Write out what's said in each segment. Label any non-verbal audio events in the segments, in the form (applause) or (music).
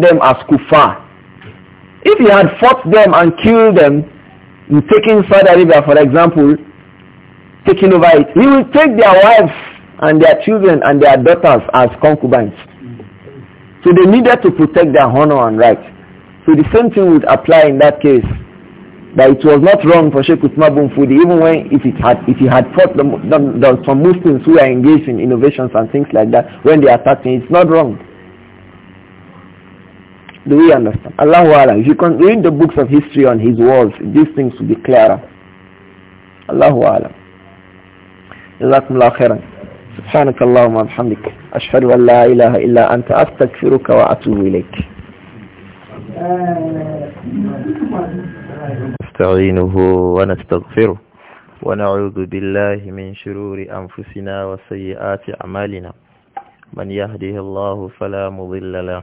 them as kuffar. If he had fought them and killed them, in taking Saudi Arabia for example, taking over it, he will take their wives and their children and their daughters as concubines. So they needed to protect their honor and rights. So the same thing would apply in that case. That it was not wrong for Sheikh Usman bin even when if it had if he had fought the, the, the, some Muslims who are engaged in innovations and things like that when they attacked him, it's not wrong. Do we understand? Allahu Alam. If you can read the books of history on his walls, these things will be clearer. Allahu Alam. جزاكم الله خيرا سبحانك اللهم وبحمدك أشهد أن لا إله إلا أنت أستغفرك وأتوب إليك نستعينه ونستغفره ونعوذ بالله من شرور أنفسنا وسيئات أعمالنا من يهده الله فلا مضل له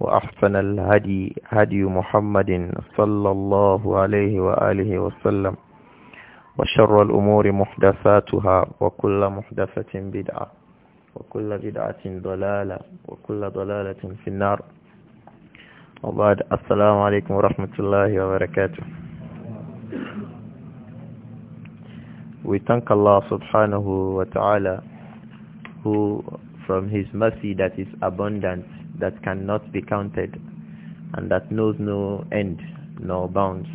وأحسن الهدي هدي محمد صلى الله عليه وآله وسلم وشر الأمور محدثاتها وكل محدثة بدعة وكل بدعة ضلالة وكل ضلالة في النار وبعد السلام عليكم ورحمة الله وبركاته We thank Allah subhanahu wa ta'ala who from his mercy that is abundant that cannot be counted and that knows no end nor bounds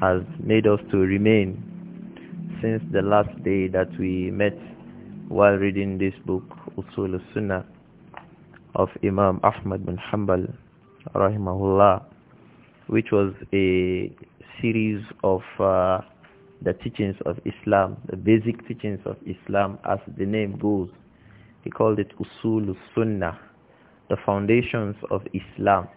has made us to remain since the last day that we met while reading this book Usul al-Sunnah of Imam Ahmad bin Hanbal rahimahullah which was a series of uh, the teachings of Islam, the basic teachings of Islam as the name goes. He called it Usul al-Sunnah the foundations of Islam.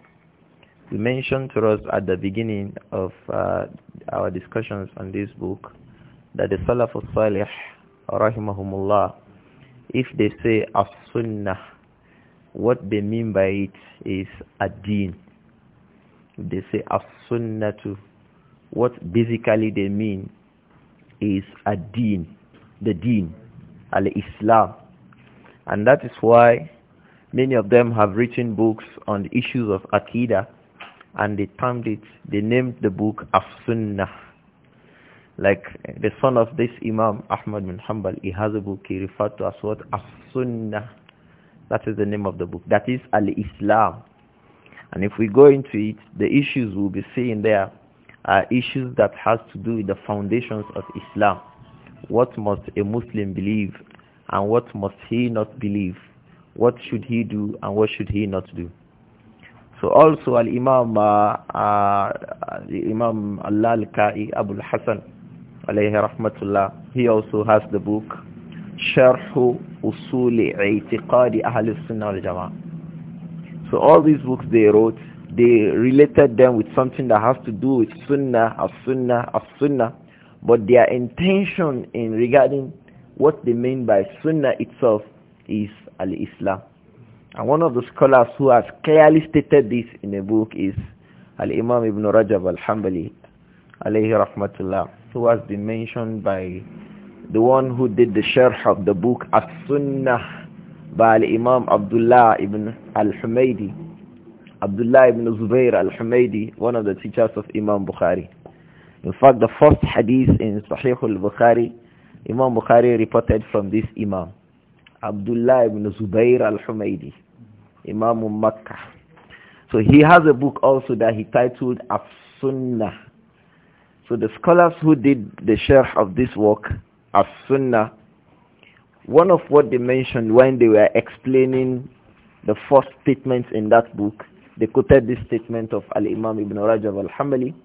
We mentioned to us at the beginning of uh, our discussions on this book that the Salaf al-Salih, rahimahumullah, if they say as-sunnah, what they mean by it is ad-deen. They say as-sunnah what basically they mean is ad-deen, the deen, al-Islam. And that is why Many of them have written books on the issues of Akida and they termed it, they named the book As-Sunnah. Like the son of this Imam, Ahmad bin Hanbal, he has a book he referred to as what? As-Sunnah. That is the name of the book. That is Al-Islam. And if we go into it, the issues we'll be seeing there are issues that has to do with the foundations of Islam. What must a Muslim believe and what must he not believe? What should he do and what should he not do? So also Al-Imam uh, uh, Imam Allah Al-Ka'i Abu Al-Hasan alayhi rahmatullah he also has the book Sharh Usul I'tiqad Ahl Sunnah wal Jamaa So all these books they wrote they related them with something that has to do with Sunnah as Sunnah as Sunnah but their intention in regarding what they mean by Sunnah itself is Al-Islam. And one of the scholars who has clearly stated this in a book is Al-Imam Ibn Rajab Al-Hambali, alayhi rahmatullah, who has been mentioned by the one who did the sharh of the book As-Sunnah by Al-Imam Abdullah Ibn Al-Humaydi, Abdullah Ibn Zubayr Al-Humaydi, one of the teachers of Imam Bukhari. In fact, the first hadith in Sahih al-Bukhari, Imam Bukhari reported from this Imam. Abdullah ibn Zubair al-Humaydi, Imam of Makkah. So he has a book also that he titled As-Sunnah. So the scholars who did the sharh of this work, As-Sunnah, one of what they mentioned when they were explaining the first statements in that book, they quoted this statement of Al-Imam Ibn Rajab al-Hamali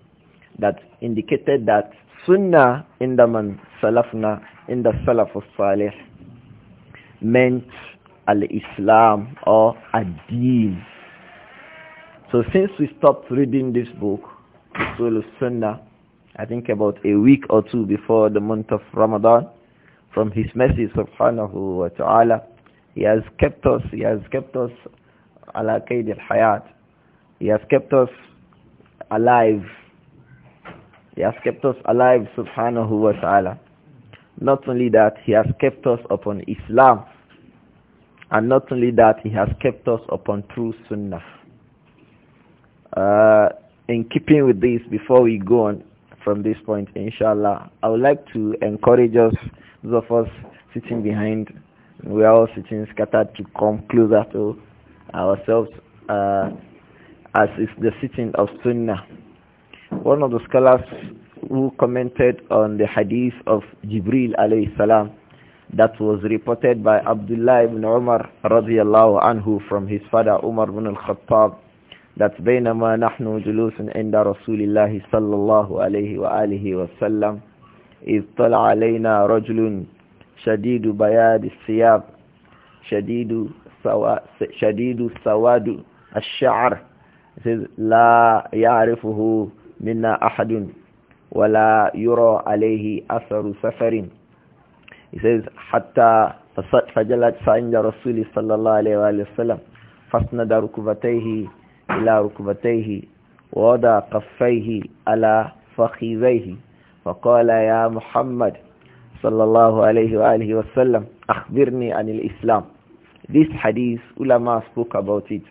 that indicated that Sunnah in the man salafna in the salaf of salih meant al-Islam or ad-Din. So since we stopped reading this book, the Sunnah, I think about a week or two before the month of Ramadan, from His mercy subhanahu wa ta'ala, He has kept us, He has kept us ala qaid al-hayat. He has kept us alive. He has kept us alive subhanahu wa ta'ala. Not only that, he has kept us upon Islam. And not only that, he has kept us upon true sunnah. Uh, in keeping with this, before we go on from this point, inshallah, I would like to encourage us, those of us sitting behind, we are all sitting scattered to come closer to ourselves uh, as is the sitting of sunnah. One of the scholars who commented on the hadith of Jibril alayhi salam that was reported by Abdullah ibn Umar radiyallahu anhu from his father Umar ibn al-Khattab that بينما نحن جلوس عند رسول الله صلى الله عليه وآله وسلم إذ طلع علينا رجل شديد بياد الثياب شديد سوا شديد سواد الشعر لا يعرفه منا أحد ولا يرى عليه أثر سفر He says حتى فجلت فعند رسول صلى الله عليه وآله وسلم فسند ركبتيه إلى ركبتيه ووضع قفيه على فخذيه فقال يا محمد صلى الله عليه وآله وسلم أخبرني عن الإسلام This hadith ulama spoke about it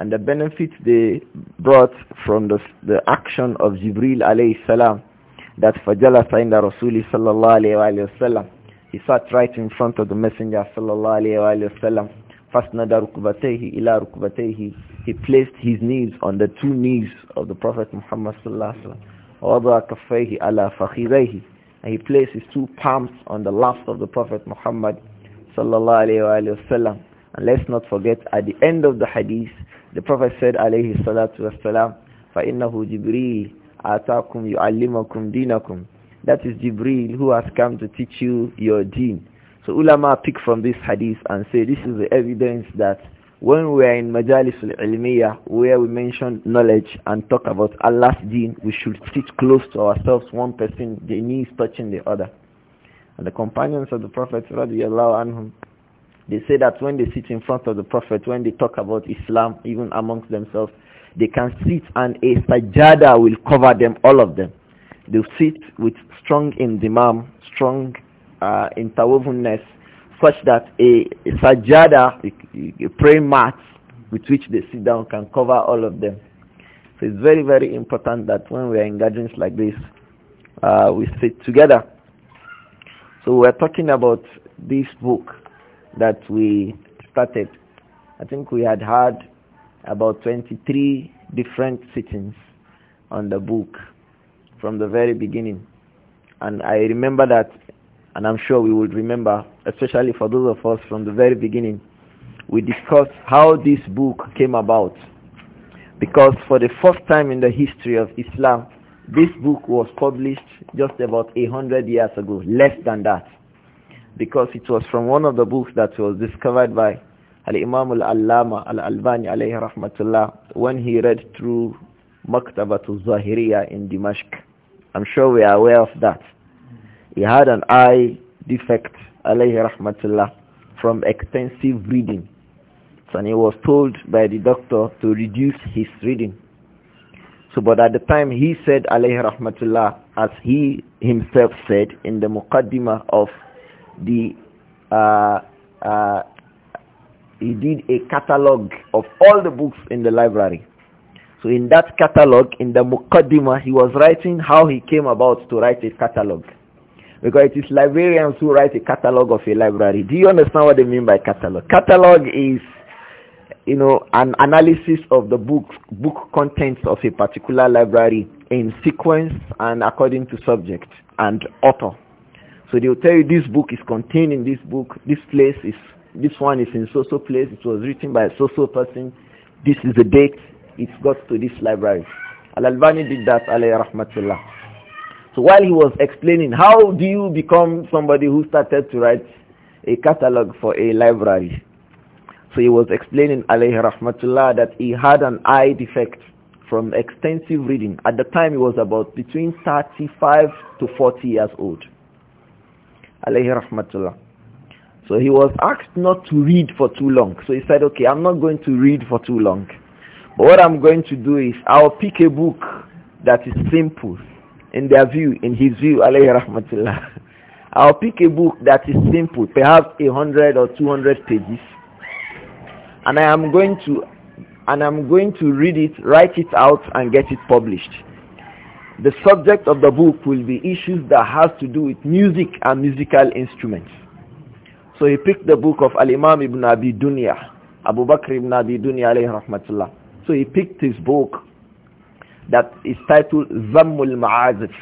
and the benefit they brought from the, the action of Jibril alayhi salam that فَجَلَسَ عِنْدَ رَسُولِ صَلَّى alayhi عَلَيْهِ He sat right in front of the messenger صلى الله عليه وسلم فَاسْنَدَ رُكْبَتَيْهِ إِلَى He placed his knees on the two knees of the Prophet Muhammad sallallahu الله عليه وسلم وَضَعَ And he placed his two palms on the left of the Prophet Muhammad صلى الله عليه And let's not forget at the end of the hadith the Prophet said, alayhi salatu wassalam, فَإِنَّهُ جِبْرِيلٌ آتَاكُمْ يُعَلِّمَكُمْ دِينَكُمْ That is Jibril who has come to teach you your deen. So ulama pick from this hadith and say this is the evidence that when we are in majalis al-ilmiya where we mention knowledge and talk about Allah's deen, we should sit close to ourselves, one person, the knees touching the other. And the companions of the Prophet radiallahu anhum, they say that when they sit in front of the Prophet, when they talk about Islam, even amongst themselves, they can sit and a sajada will cover them, all of them. They sit with strong indimam, strong uh, interwovenness, such that a, a sajada, a, a prayer mat with which they sit down can cover all of them. So it's very, very important that when we are in gatherings like this, uh, we sit together. So we are talking about this book that we started. I think we had had about 23 different sittings on the book from the very beginning. And I remember that, and I'm sure we would remember, especially for those of us from the very beginning, we discussed how this book came about. Because for the first time in the history of Islam, this book was published just about a hundred years ago, less than that because it was from one of the books that was discovered by Al-Imam Al-Allama Al-Albani alayhi rahmatullah when he read through Maktabatul Zahiriya in Dimashq. I'm sure we are aware of that. He had an eye defect alayhi rahmatullah from extensive reading. And he was told by the doctor to reduce his reading. So but at the time he said alayhi rahmatullah as he himself said in the muqaddimah of the uh, uh, he did a catalog of all the books in the library. So in that catalog, in the Mukaddima, he was writing how he came about to write a catalog. Because it is librarians who write a catalog of a library. Do you understand what they mean by catalog? Catalog is, you know, an analysis of the books, book contents of a particular library in sequence and according to subject and author. So they will tell you this book is contained in this book, this place is, this one is in so-so place, it was written by a so-so person, this is the date it got to this library. Al-Albani did that, alayhi rahmatullah. So while he was explaining, how do you become somebody who started to write a catalog for a library? So he was explaining, alayhi rahmatullah, that he had an eye defect from extensive reading. At the time he was about between 35 to 40 years old alayhi rahmatullah. So he was asked not to read for too long. So he said, okay, I'm not going to read for too long. But what I'm going to do is I'll pick a book that is simple in their view, in his view, alayhi rahmatullah. (laughs) I'll pick a book that is simple, perhaps a hundred or two hundred pages, and I am going to and I'm going to read it, write it out, and get it published the subject of the book will be issues that has to do with music and musical instruments. So he picked the book of Al-Imam Ibn Abi Dunya, Abu Bakr Ibn Abi Dunya alayhi rahmatullah. So he picked his book that is titled Zammul Ma'azif.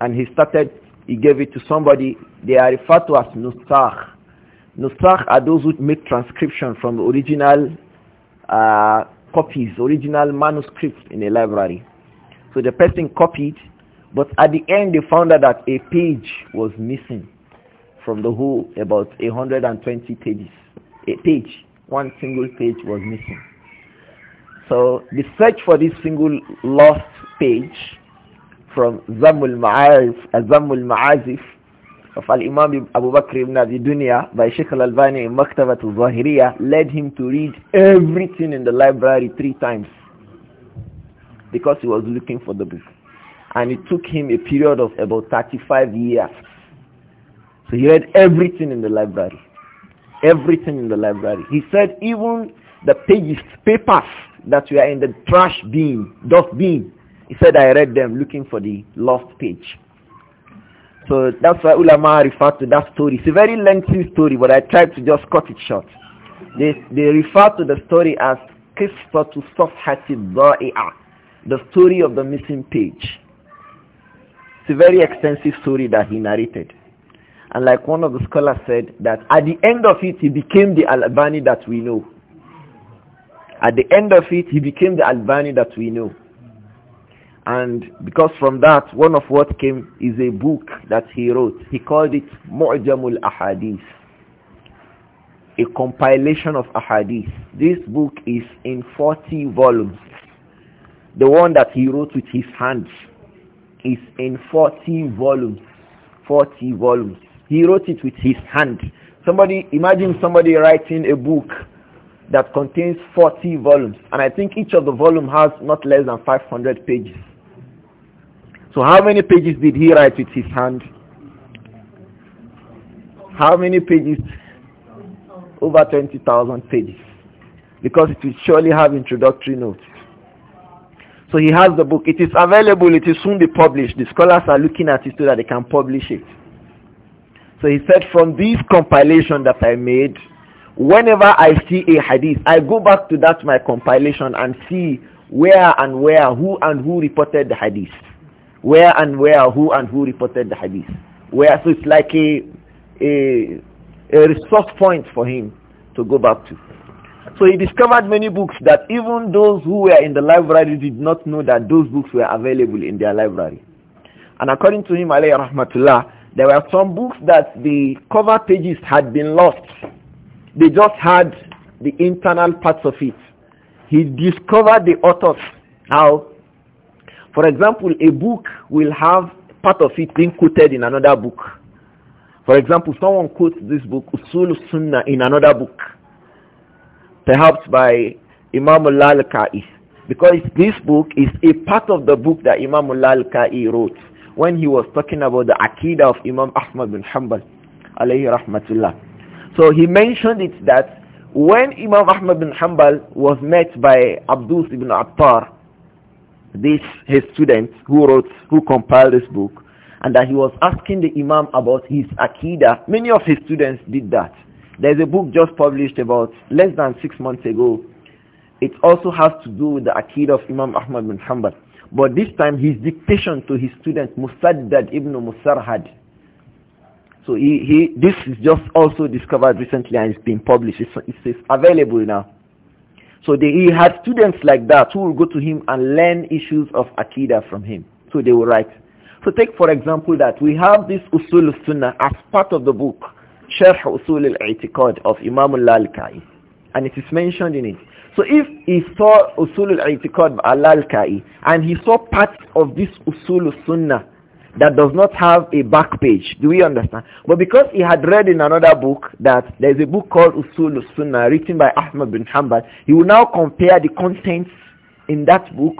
And he started, he gave it to somebody, they are referred to as Nusakh. Nusakh are those who make transcription from original uh, copies, original manuscripts in a library. So the person copied, but at the end they found out that a page was missing from the whole about 120 pages. A page, one single page was missing. So the search for this single lost page from Zamul Ma'arif, uh, Zamul Ma'azif of Al-Imam Abu Bakr ibn Abi Dunya by Sheikh Al-Albani in Maktabat al led him to read everything in the library three times because he was looking for the book. And it took him a period of about 35 years. So he read everything in the library. Everything in the library. He said even the pages, papers that were in the trash bin, dust bin. he said I read them looking for the lost page. So that's why ulama refer to that story. It's a very lengthy story, but I tried to just cut it short. They, they refer to the story as Qisfatu Safhati Da'i'ah the story of the missing page. It's a very extensive story that he narrated. And like one of the scholars said, that at the end of it, he became the Albani that we know. At the end of it, he became the Albani that we know. And because from that, one of what came is a book that he wrote. He called it Mu'jamul Ahadith, a compilation of Ahadith. This book is in 40 volumes. The one that he wrote with his hands is in 40 volumes. 40 volumes. He wrote it with his hand. Somebody, imagine somebody writing a book that contains 40 volumes. And I think each of the volume has not less than 500 pages. So how many pages did he write with his hand? How many pages? Over 20,000 pages. Because it will surely have introductory notes. So he has the book. It is available. It will soon be published. The scholars are looking at it so that they can publish it. So he said, from this compilation that I made, whenever I see a hadith, I go back to that my compilation and see where and where, who and who reported the hadith. Where and where, who and who reported the hadith. Where, so it's like a, a, a resource point for him to go back to. So he discovered many books that even those who were in the library did not know that those books were available in their library. And according to him, alayhi rahmatullah, there were some books that the cover pages had been lost. They just had the internal parts of it. He discovered the authors. How? For example, a book will have part of it being quoted in another book. For example, someone quotes this book, Usul Sunnah, in another book perhaps by Imam al-Kai because this book is a part of the book that Imam al-Kai wrote when he was talking about the Aqidah of Imam Ahmad bin Hanbal alayhi rahmatullah. So he mentioned it that when Imam Ahmad bin Hanbal was met by Abdul ibn Attar, this his student who wrote, who compiled this book, and that he was asking the Imam about his Aqidah, many of his students did that. There's a book just published about less than six months ago. It also has to do with the Akid of Imam Ahmad bin Hanbal. But this time his dictation to his student Musaddad ibn Musarhad. So he, he, this is just also discovered recently and it's been published. It's, it's, available now. So they, he had students like that who will go to him and learn issues of Akida from him. So they will write. So take for example that we have this Usul Sunnah as part of the book Sharh Usul al-I'tiqad of Imam al-Lalkai. And it is mentioned in it. So if he saw Usul al-I'tiqad al-Lalkai and he saw parts of this Usul al-Sunnah that does not have a back page, do we understand? But because he had read in another book that there is a book called Usul al-Sunnah written by Ahmad bin Hanbal, he will now compare the contents in that book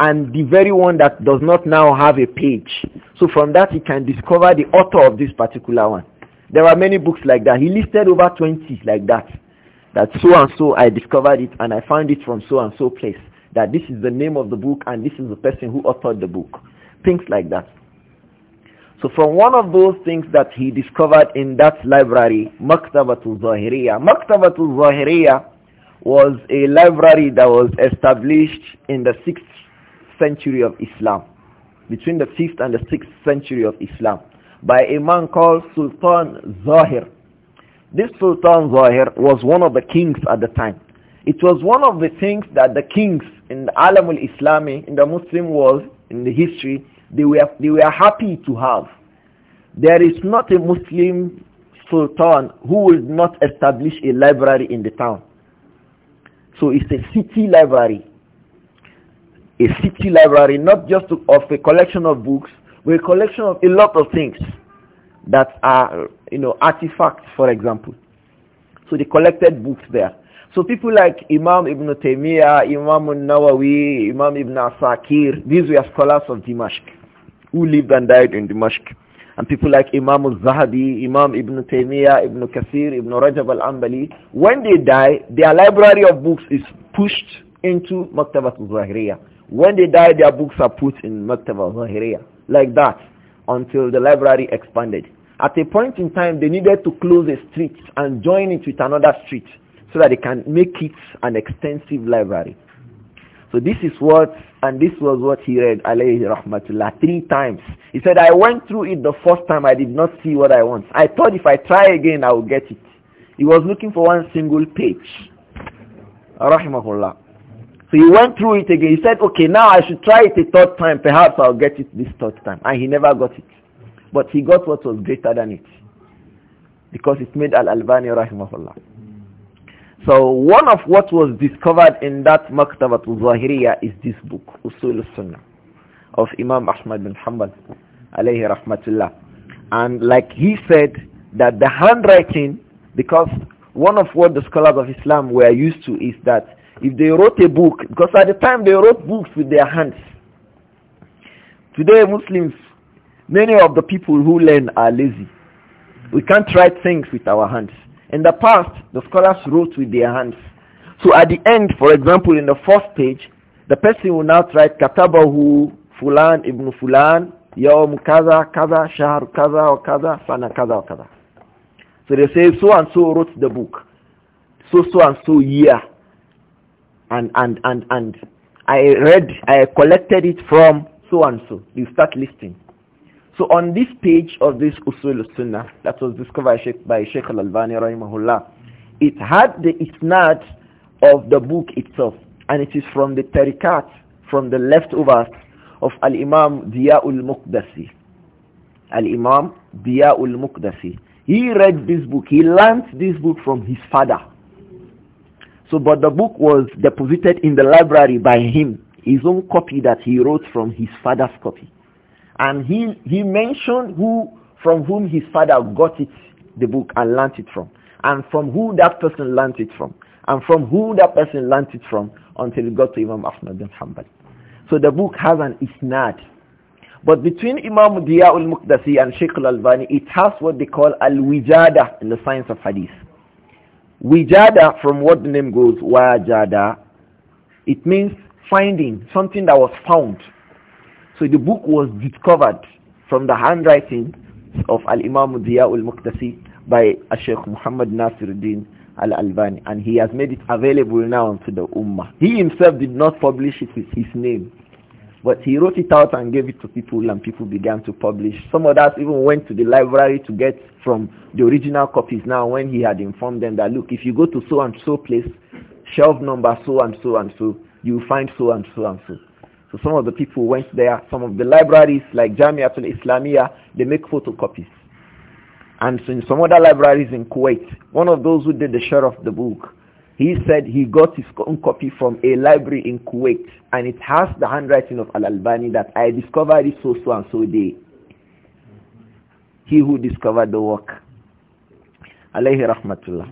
and the very one that does not now have a page. So from that he can discover the author of this particular one. There are many books like that. He listed over 20 like that. That so and so I discovered it and I found it from so and so place. That this is the name of the book and this is the person who authored the book. Things like that. So from one of those things that he discovered in that library, Maktabatul Zahiriya. Maktabatul Zahiriya was a library that was established in the 6th century of Islam, between the 5th and the 6th century of Islam by a man called Sultan Zahir. This Sultan Zahir was one of the kings at the time. It was one of the things that the kings in the Alamul Islami, in the Muslim world, in the history, they were, they were happy to have. There is not a Muslim sultan who will not establish a library in the town. So it's a city library. A city library, not just of a collection of books, but a collection of a lot of things that are, you know, artifacts, for example. So they collected books there. So people like Imam Ibn Taymiyyah, Imam Nawawi, Imam Ibn Asakir, these were scholars of Dimashq who lived and died in Dimashq. And people like Imam al-Zahabi, Imam Ibn Taymiyyah, Ibn Kathir, Ibn Rajab al-Ambali, when they die, their library of books is pushed into Maktabat al-Zahiriyah. When they die, their books are put in Maktabat al-Zahiriyah like that until the library expanded. At a point in time, they needed to close a street and join it with another street so that they can make it an extensive library. So this is what, and this was what he read, alayhi rahmatullah, three times. He said, I went through it the first time, I did not see what I want. I thought if I try again, I will get it. He was looking for one single page. Rahimahullah. So he went through it again. He said, okay, now I should try it a third time. Perhaps I'll get it this third time. And he never got it. But he got what was greater than it. Because it made Al-Albani rahimahullah. So one of what was discovered in that Maktabat al-Zahiriya is this book, Usul al-Sunnah, of Imam Ahmad bin Hanbal, alayhi rahmatullah. And like he said, that the handwriting, because one of what the scholars of Islam were used to is that if they wrote a book, because at the time they wrote books with their hands. Today Muslims, many of the people who learn are lazy. We can't write things with our hands. In the past, the scholars wrote with their hands. So at the end, for example, in the first page, the person will now write Katabahu Fulan Ibn Fulan Yawm Kaza Kaza Shahr Kaza or Kaza Sana Kaza or Kaza. So they say so and so wrote the book. So so and so year and and and and I read, I collected it from so and so. You start listing. So on this page of this Usul Sunnah that was discovered by Sheikh Al-Albani rahimahullah, it had the isnad of the book itself and it is from the tariqat, from the leftovers of Al-Imam Diya'ul Muqdasi. Al-Imam Diya'ul Muqdasi. He read this book, he learnt this book from his father. So, but the book was deposited in the library by him, his own copy that he wrote from his father's copy. And he, he mentioned who, from whom his father got it, the book, and learnt it from. And from who that person learnt it from. And from who that person learnt it from until it got to Imam Ahmad bin Hanbal. So the book has an isnad. But between Imam Diyah al-Muqdasi and Sheikh al-Albani, it has what they call al-wijada in the science of hadith Wijada, from what the name goes, wajada, it means finding, something that was found. So the book was discovered from the handwriting of Al-Imam al Muqtasi by Sheikh Muhammad Nasiruddin Al-Albani. And he has made it available now to the Ummah. He himself did not publish it with his name. But he wrote it out and gave it to people and people began to publish. Some of us even went to the library to get from the original copies now when he had informed them that, look, if you go to so and so place, shelf number so and so and so, you find so and so and so. So some of the people went there. Some of the libraries like Jamiatul Islamia, they make photocopies. And so in some other libraries in Kuwait, one of those who did the share of the book, he said he got his own copy from a library in Kuwait and it has the handwriting of Al-Albani that I discovered it so so and so day. He who discovered the work. Alayhi rahmatullah.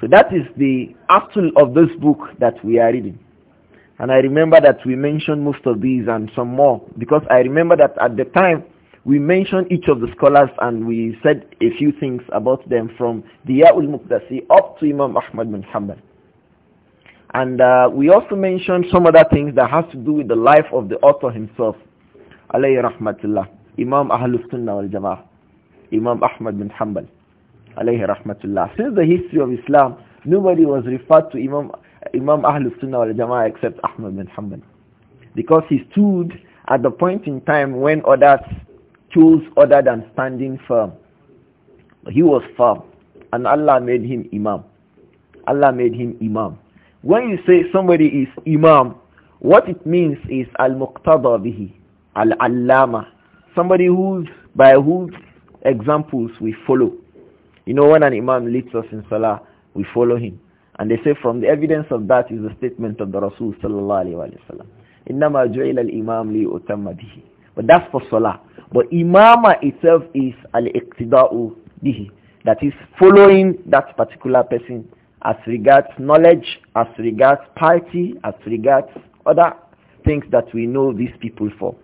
So that is the actual of this book that we are reading. And I remember that we mentioned most of these and some more because I remember that at the time we mentioned each of the scholars and we said a few things about them from Diya'ul Muqdasi up to Imam Ahmad bin Hanbal. And uh, we also mentioned some other things that has to do with the life of the author himself, alayhi rahmatullah, Imam Ahlus Sunnah wal Jama'ah, Imam Ahmad bin Hanbal, alayhi rahmatullah. Since the history of Islam, nobody was referred to Imam, Imam Ahlus Sunnah wal Jama'ah except Ahmad bin Hanbal. Because he stood at the point in time when others chose other than standing firm. He was firm and Allah made him imam. Allah made him imam. When you say somebody is imam, what it means is al-muqtada bihi, al-allama, somebody who's, by whose examples we follow. You know when an imam leads us in salah, we follow him. And they say from the evidence of that is the statement of the Rasul sallallahu alayhi wa sallam. إِنَّمَا جُعِلَ الْإِمَامُ لِيُؤْتَمَّ بِهِ But that's for salah. But imama itself is al-iqtida'u bihi. That is following that particular person as regards knowledge, as regards piety, as regards other things that we know these people for.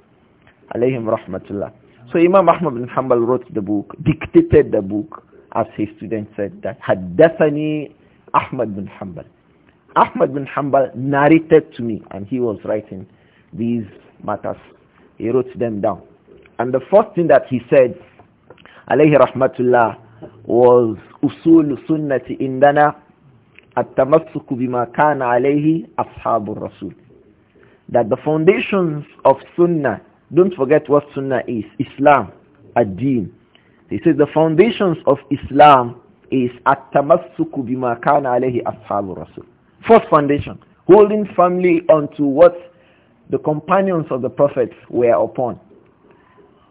Alayhim rahmatullah. So Imam Ahmad bin Hanbal wrote the book, dictated the book, as his student said that, Haddathani Ahmad bin Hanbal. Ahmad bin Hanbal narrated to me, and he was writing these matters. He wrote them down. And the first thing that he said, alayhi rahmatullah, was usul sunnati indana at-tamassuku bima kana alayhi ashabur rasul. That the foundations of sunnah, don't forget what sunnah is, Islam, ad din He says the foundations of Islam is at-tamassuku bima kana alayhi ashabur rasul. First foundation, holding firmly onto what the companions of the Prophet were upon.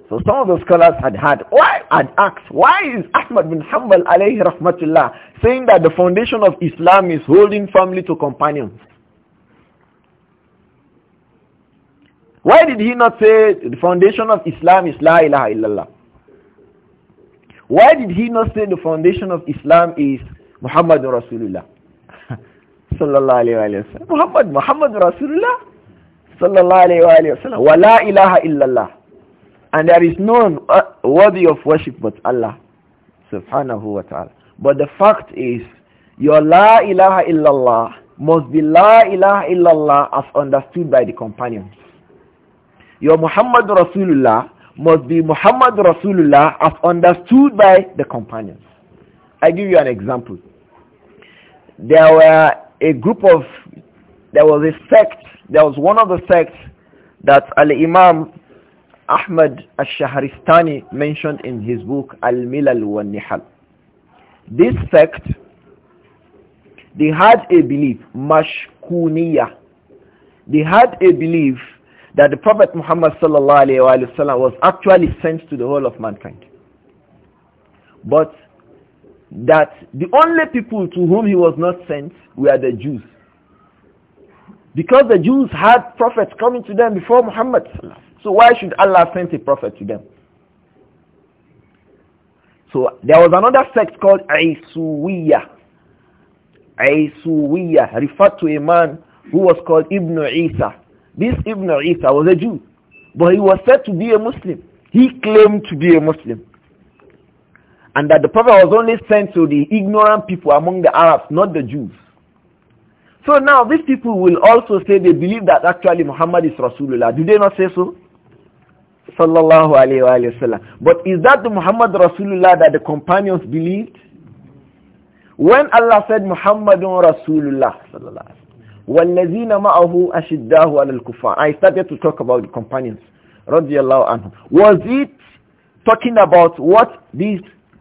So some of the scholars had had why had asked why is Ahmad bin Hanbal alayhi rahmatullah saying that the foundation of Islam is holding family to companions? Why did he not say the foundation of Islam is la ilaha illallah? Why did he not say the foundation of Islam is Muhammad Rasulullah? (laughs) sallallahu alayhi wa sallam. Muhammad, Muhammad Rasulullah? Sallallahu alayhi wa sallam. Wa la ilaha illallah. And there is none worthy of worship but Allah subhanahu wa ta'ala. But the fact is, your la ilaha illallah must be la ilaha illallah as understood by the companions. Your Muhammad Rasulullah must be Muhammad Rasulullah as understood by the companions. I give you an example. There were a group of, there was a sect, there was one of the sects that Al-Imam Ahmad al-Shahristani mentioned in his book Al-Milal wa Nihal. This fact, they had a belief, mashkuniya. They had a belief that the Prophet Muhammad sallallahu was actually sent to the whole of mankind. But that the only people to whom he was not sent were the Jews. Because the Jews had prophets coming to them before Muhammad sallallahu so why should Allah send a prophet to them? So there was another sect called Isuwiyah. Isuwiyah referred to a man who was called Ibn Isa. This Ibn Isa was a Jew, but he was said to be a Muslim. He claimed to be a Muslim. And that the Prophet was only sent to the ignorant people among the Arabs, not the Jews. So now these people will also say they believe that actually Muhammad is Rasulullah. Do they not say so? Sallallahu alayhi wa, sallam. But is that the Muhammad Rasulullah that the companions believed? When Allah said Muhammadun Rasulullah Sallallahu alayhi وَالَّذِينَ مَعَهُ أَشِدَّاهُ عَلَى الْكُفَّارِ I started to talk about the companions. Radiallahu anhu. Was it talking about what this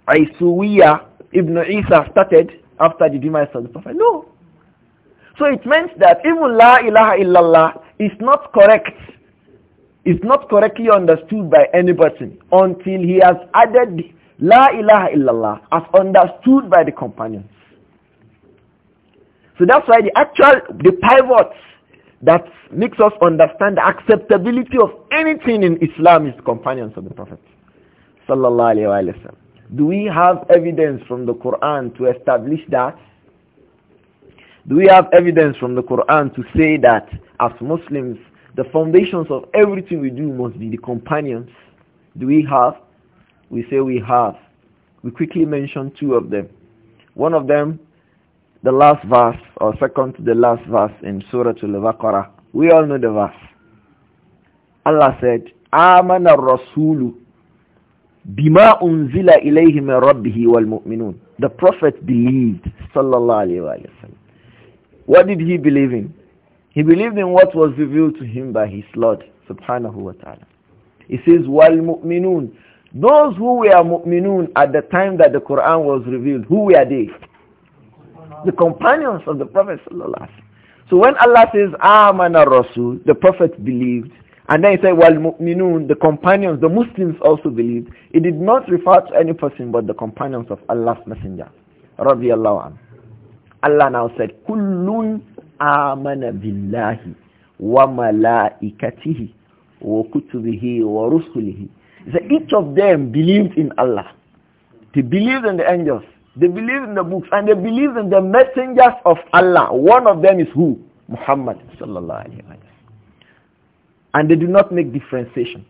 Isuwiya Ibn Isa started after the demise of the Prophet? No. So it meant that even La ilaha illallah is not correct is not correctly understood by any person until he has added La ilaha illallah as understood by the companions. So that's why the actual, the pivot that makes us understand the acceptability of anything in Islam is the companions of the Prophet. Sallallahu alayhi wa sallam. Do we have evidence from the Quran to establish that? Do we have evidence from the Quran to say that as Muslims the foundations of everything we do must be the companions. Do we have? We say we have. We quickly mention two of them. One of them, the last verse, or second to the last verse in Surah Al-Baqarah. We all know the verse. Allah said, آمن الرسول bima أنزل إليه Rabbihi ربه والمؤمنون The Prophet believed, sallallahu alayhi wa What did he believe in? He believed in what was revealed to him by his Lord, subhanahu wa ta'ala. He says, وَالْمُؤْمِنُونَ Those who were mu'minun at the time that the Quran was revealed, who were they? The companions of the Prophet sallallahu So when Allah says, Amana Rasul, the Prophet believed, and then he said, wal mu'minun, the companions, the Muslims also believed. It did not refer to any person but the companions of Allah's Messenger. Radiallahu anhu. Allah now said, Kullun amana billahi wa malaikatihi wa kutubihi wa rusulihi. each of them believed in Allah. They believed in the angels. They believed in the books and they believed in the messengers of Allah. One of them is who? Muhammad sallallahu alaihi wasallam. And they do not make differentiation.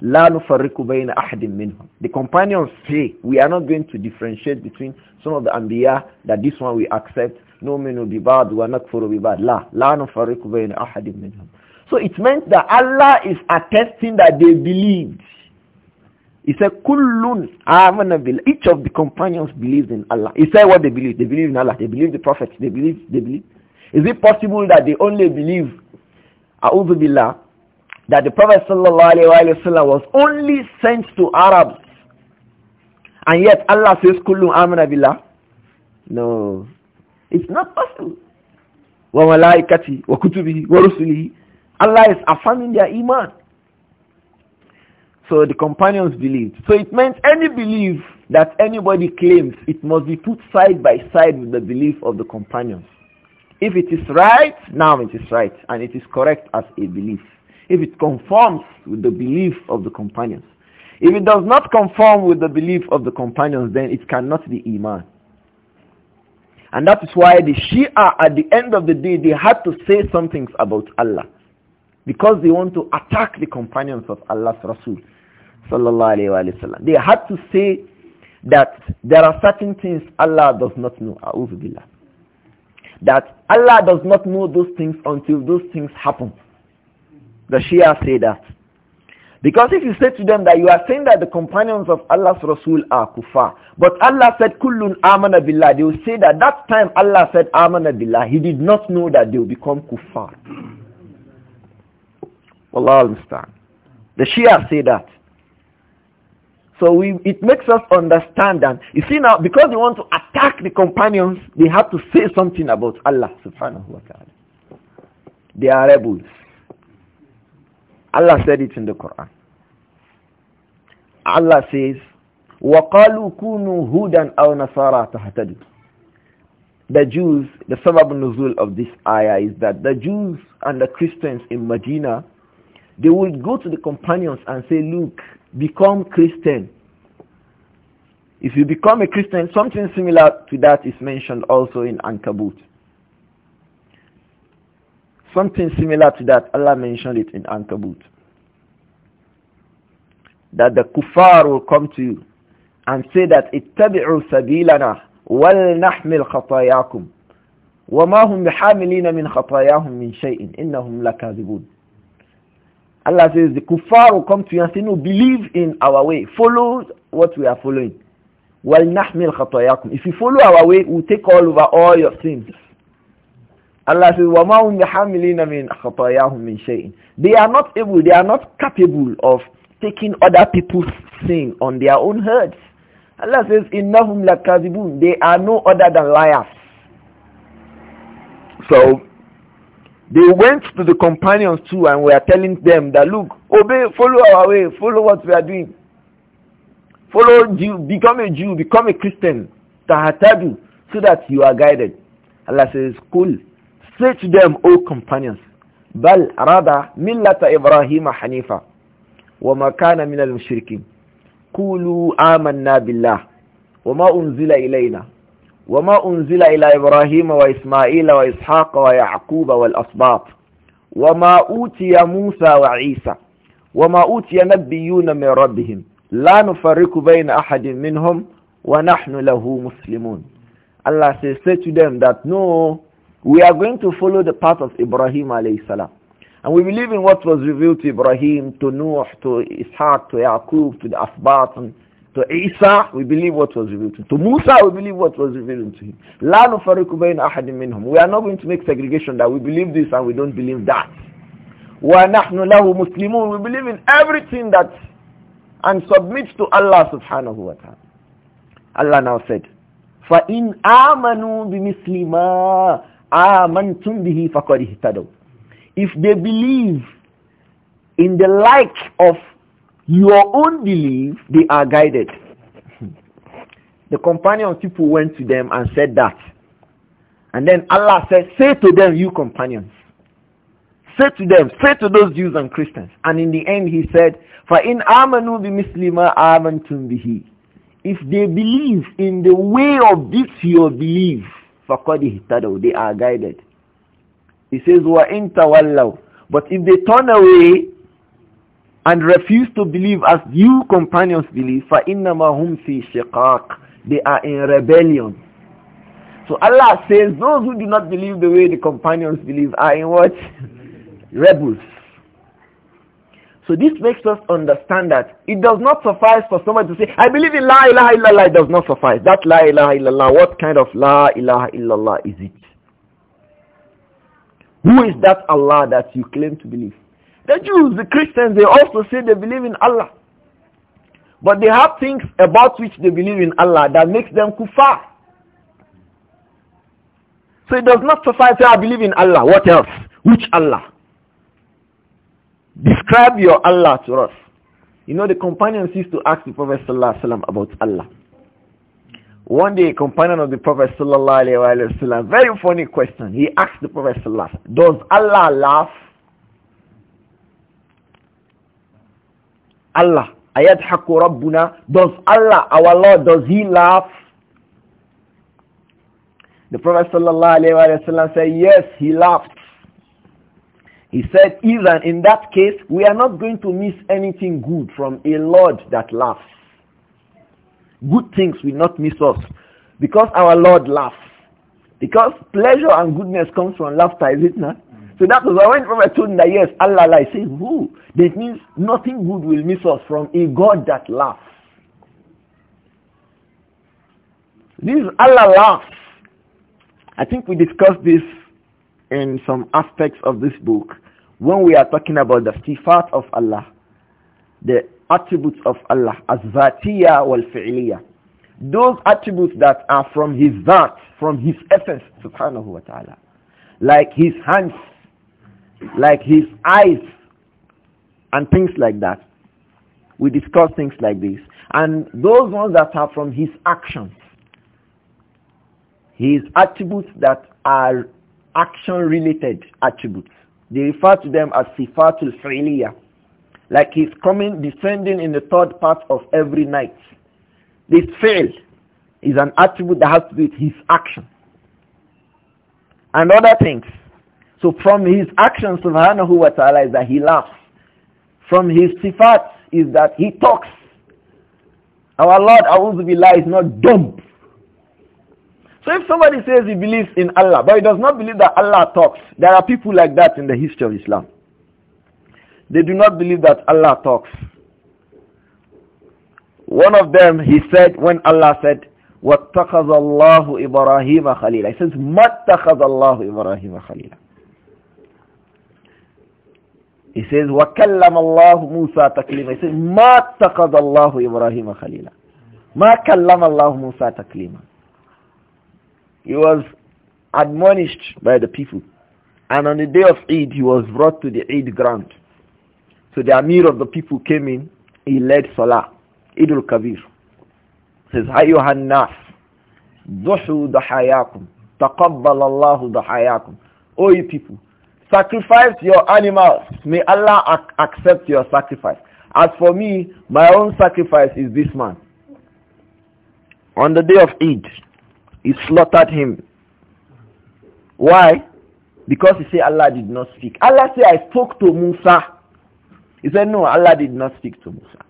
The companions say we are not going to differentiate between some of the Anbiya that this one we accept, so it meant that Allah is attesting that they believed he said kullun amana bil each of the companions believed in Allah he said what they believe they believe in Allah they believe the prophets they believe they believe is it possible that they only believe a'udhu billah that the prophet sallallahu alaihi wasallam was only sent to Arabs and yet Allah says kullu amana billah no it's not possible. وَمَلَائِكَتِي وَكُتُبِهِ وَرُسُلِهِ Allah is affirming their iman. So the companions believed. So it meant any belief that anybody claims, it must be put side by side with the belief of the companions. If it is right, now it is right, and it is correct as a belief. If it conforms with the belief of the companions. If it does not conform with the belief of the companions, then it cannot be Iman. And that is why the Shia at the end of the day, they had to say some things about Allah. Because they want to attack the companions of Allah's Rasul. They had to say that there are certain things Allah does not know. Billah. That Allah does not know those things until those things happen. The Shia say that. Because if you say to them that you are saying that the companions of Allah's Rasul are kuffar, but Allah said kullun amana billah, they will say that that time Allah said amana billah, he did not know that they will become kuffar. Allah understand. The Shia say that. So we, it makes us understand that. You see now, because they want to attack the companions, they have to say something about Allah subhanahu wa ta'ala. They are rebels. Allah said it in the Quran. Allah says, وَقَالُوا كُونُوا هُودًا أَوْ نَصَارَى تَهْتَدُوا The Jews, the sabab nuzul of this ayah is that the Jews and the Christians in Medina, they would go to the companions and say, look, become Christian. If you become a Christian, something similar to that is mentioned also in Ankabut. Something similar to that, Allah mentioned it in Ankabut. That the kuffar will come to you and say that اتبعوا sabilana wal nahmil وَمَا هُمْ hum مِنْ min مِنْ min إِنَّهُمْ innahum Allah says the kuffar will come to you and say no believe in our way follow what we are following wal nahmil khatayakum if you follow our way we will take all over all your sins Allah says, وَمَا هُمْ بِحَامِلِينَ مِنْ خَطَايَاهُمْ They are not able, they are not capable of taking other people's sin on their own heads. Allah says, إِنَّهُمْ لَكَاذِبُونَ They are no other than liars. So, they went to the companions too and were telling them that, look, obey, follow our way, follow what we are doing. Follow Jew, become a Jew, become a Christian. Tahatadu, so that you are guided. Allah says, cool. Say to them, O companions, بل rather ملة إبراهيم حنيفا وما كان من المشركين قولوا آمنا بالله وما أنزل إلينا وما أنزل إلى إبراهيم وإسماعيل وإسحاق ويعقوب والأصباط وما أوتي موسى وعيسى وما أوتي نبيون من ربهم لا نفرق بين أحد منهم ونحن له مسلمون Allah says, say to them that no, we are going to follow the path of Ibrahim alayhi salam. And we believe in what was revealed to Ibrahim, to Noah, to Ishaq, to Yaqub, to the Asbat, and to Isa, we believe what was revealed to him. To Musa, we believe what was revealed to him. لا نفرق بين أحد منهم. We are not going to make segregation that we believe this and we don't believe that. وَنَحْنُ لَهُ muslimun. We believe in everything that and submit to Allah subhanahu wa ta'ala. Allah now said, فَإِنْ آمَنُوا بِمِثْلِ مَا amantum bihi faqad ihtadaw if they believe in the like of your own belief they are guided the companionship people went to them and said that and then Allah said say to them you companions say to them say to those Jews and Christians and in the end he said for in amanu mislima amantum bihi if they believe in the way of this your belief فَقَدْ اهْتَدَوْا They are guided. He says, in تَوَلَّوْا But if they turn away and refuse to believe as you companions believe, فَإِنَّمَا هُمْ fi شِقَاقٍ They are in rebellion. So Allah says, those who do not believe the way the companions believe are in what? (laughs) Rebels. So this makes us understand that it does not suffice for somebody to say, I believe in La ilaha illallah. It does not suffice. That La ilaha illallah, what kind of La ilaha illallah is it? Who is that Allah that you claim to believe? The Jews, the Christians, they also say they believe in Allah. But they have things about which they believe in Allah that makes them kuffar. So it does not suffice, say, I believe in Allah. What else? Which Allah? Describe your Allah to us. You know, the companions used to ask the Prophet ﷺ about Allah. One day, a companion of the Prophet ﷺ, very funny question. He asked the Prophet ﷺ, does Allah laugh? Allah, ayadhaku rabbuna, does Allah, our Lord, does he laugh? The Prophet ﷺ said, yes, he laughed. He said, even in that case, we are not going to miss anything good from a Lord that laughs. Good things will not miss us because our Lord laughs. Because pleasure and goodness comes from laughter, is it not? Mm. So that was why when Prophet told that yes, Allah lies, he who? That means nothing good will miss us from a God that laughs. This Allah laughs. I think we discussed this in some aspects of this book when we are talking about the sifat of Allah, the attributes of Allah, as zatiyya wal-fi'liyya, those attributes that are from his zat, from his essence, subhanahu wa ta'ala, like his hands, like his eyes, and things like that. We discuss things like this. And those ones that are from his actions, his attributes that are action-related attributes. They refer to them as sifatul fi'liyah. Like he's coming, descending in the third part of every night. This fi'l is an attribute that has to do with his action. And other things. So from his actions, subhanahu wa ta'ala, is that he laughs. From his sifat is that he talks. Our Lord, A'udhu Billah, is not dumb. So if somebody says he believes in Allah, but he does not believe that Allah talks, there are people like that in the history of Islam. They do not believe that Allah talks. One of them, he said, when Allah said, وَاتَّخَذَ اللَّهُ إِبْرَاهِيمَ خَلِيلًا He says, مَاتَّخَذَ اللَّهُ إِبْرَاهِيمَ خَلِيلًا He says, وَكَلَّمَ اللَّهُ مُوسَى تَكْلِيمًا He says, مَاتَّخَذَ اللَّهُ إِبْرَاهِيمَ خَلِيلًا ما كلم الله موسى تكليما he was admonished by the people. And on the day of Eid, he was brought to the Eid ground. So the Amir of the people came in. He led Salah, Eid al-Kabir. says, nas, duhu dahayakum, taqabbal Allahu O you people, sacrifice your animals. May Allah ac accept your sacrifice. As for me, my own sacrifice is this man. On the day of Eid, he slaughtered him. Why? Because he said Allah did not speak. Allah said, I spoke to Musa. He said, no, Allah did not speak to Musa.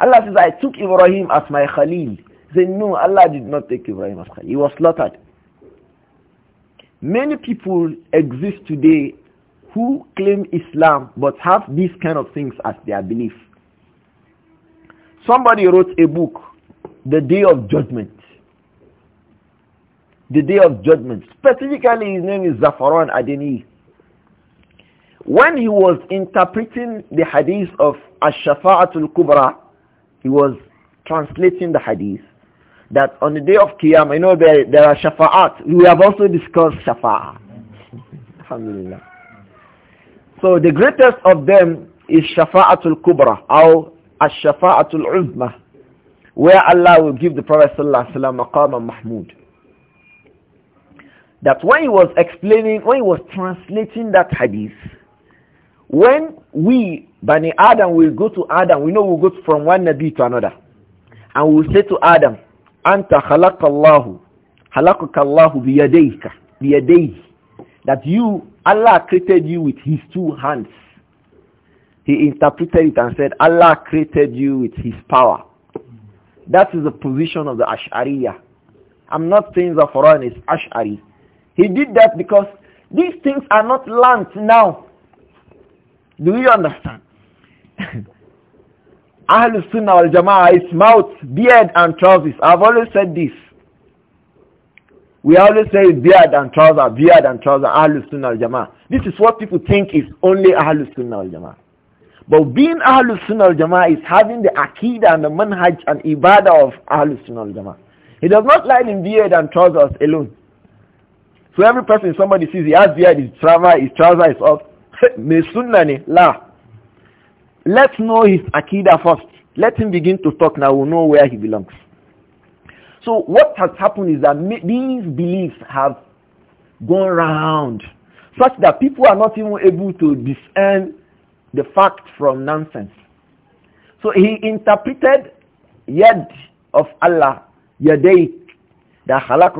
Allah says, I took Ibrahim as my Khalil. He said, no, Allah did not take Ibrahim as Khalil. He was slaughtered. Many people exist today who claim Islam but have these kind of things as their belief. Somebody wrote a book, The Day of Judgment the day of judgment. Specifically, his name is Zafaran Adeni. When he was interpreting the hadith of Ash-Shafa'atul Kubra, he was translating the hadith that on the day of Qiyamah, you know there, there are Shafa'at. We have also discussed Shafa'at. (laughs) Alhamdulillah. So the greatest of them is Shafa'atul Kubra or Ash-Shafa'atul Uzma where Allah will give the Prophet Sallallahu Alaihi Wasallam maqam mahmud that when he was explaining, when he was translating that hadith, when we, Bani Adam, will go to Adam, we know we'll go from one Nabi to another. And we'll say to Adam, Anta khalaqallahu, halaqakallahu biyadayka, biyadayhi. That you, Allah created you with his two hands. He interpreted it and said, Allah created you with his power. That is the position of the Ash'ariyah. I'm not saying Zafaran is Ash'ari. He did that because these things are not learnt now. Do you understand? (laughs) Ahlul Sunnah wal Jama'ah is mouth, beard and trousers. I've always said this. We always say beard and trousers, beard and trousers, Ahlul Sunnah wal Jama'ah. This is what people think is only Ahlul Sunnah wal Jama'ah. But being Ahlul Sunnah wal Jama'ah is having the Aqidah and the Manhaj and Ibadah of Ahlul Sunnah wal Jama'ah. He does not lie in beard and trousers alone. So every person somebody sees he has beard, his trouser, his trouser is up. (laughs) la. Let's know his akida first. Let him begin to talk now. We'll know where he belongs. So what has happened is that these beliefs have gone round such that people are not even able to discern the fact from nonsense. So he interpreted yad of Allah, yadai that Allah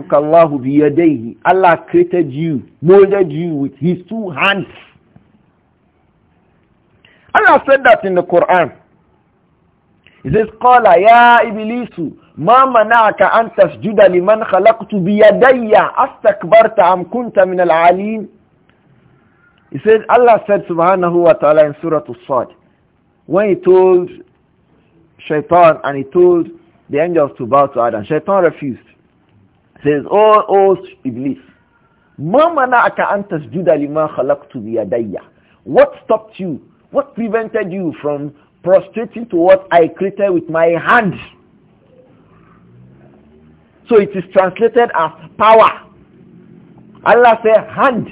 biyadayhi. Allah created you, molded you with his two hands. Allah said that in the Quran. He says, قَالَ يَا إِبْلِيسُ مَا مَنَعَكَ أَن تَسْجُدَ لِمَنْ خَلَقْتُ بِيَدَيَّ أَسْتَكْبَرْتَ أَمْ كُنْتَ مِنَ الْعَالِينَ He said, Allah said subhanahu wa ta'ala in Surah Al-Sad, when he told Shaitan and he told the angels to bow to Adam, Shaitan refused says, Oh, oh, Iblis, ما منعك أن تسجد لما What stopped you? What prevented you from prostrating to what I created with my hand? So it is translated as power. Allah said hand.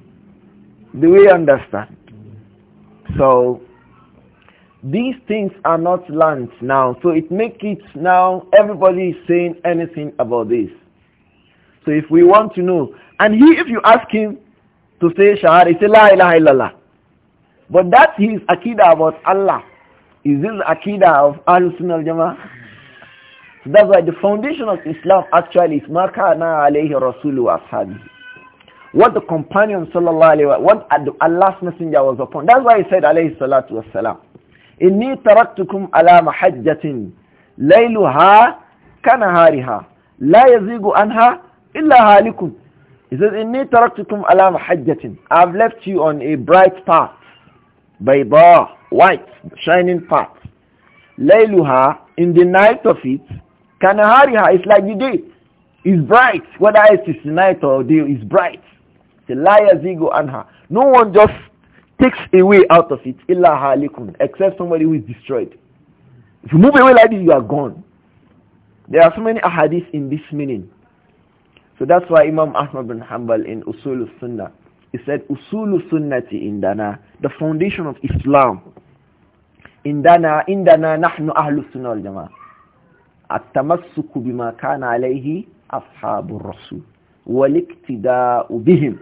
(laughs) Do we understand? So these things are not lands now, so it makes it now everybody is saying anything about this. So if we want to know, and he, if you ask him to say shahada, he say la ilaha illallah. But that's his akida about Allah. Is this akida of al-sunnah al-jama'ah? So that's why the foundation of Islam actually is makana alayhi rasulu ashabi. What the companion sallallahu alayhi wa what Allah's messenger was upon. That's why he said alayhi salatu wassalam. إني تركتكم على محجة ليلها كنهارها لا يزيغ عنها إلا هالكم He says إني تركتكم على محجة I've left you on a bright path بيضاء white shining path ليلها in the night of it كنهارها it's like the day it's bright whether it is night or day it's bright لا يزيغ عنها no one just takes away out of it, illa halikun, except somebody who is destroyed. If you move away like this, you are gone. There are so many ahadith in this meaning. So that's why Imam Ahmad bin Hanbal in Usul sunnah he said, Usulu sunnati indana, the foundation of Islam. Indana, indana nahnu ahlu sunnah al-jama'ah. التمسك بما كان عليه أصحاب الرسول والاقتداء بهم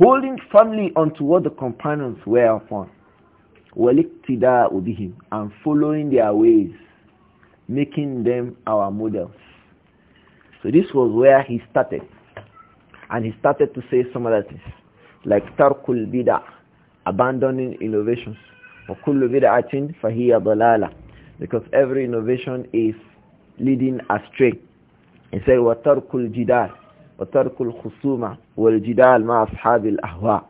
holding firmly onto what the companions were upon with him, and following their ways making them our models so this was where he started and he started to say some other things like tarkul bid'ah abandoning innovations wa kullu bid'atin fahiya dalala because every innovation is leading astray he said wa tarkul وَتَرْكُ وَالْجِدَالِ أَصْحَابِ الْأَهْوَاءِ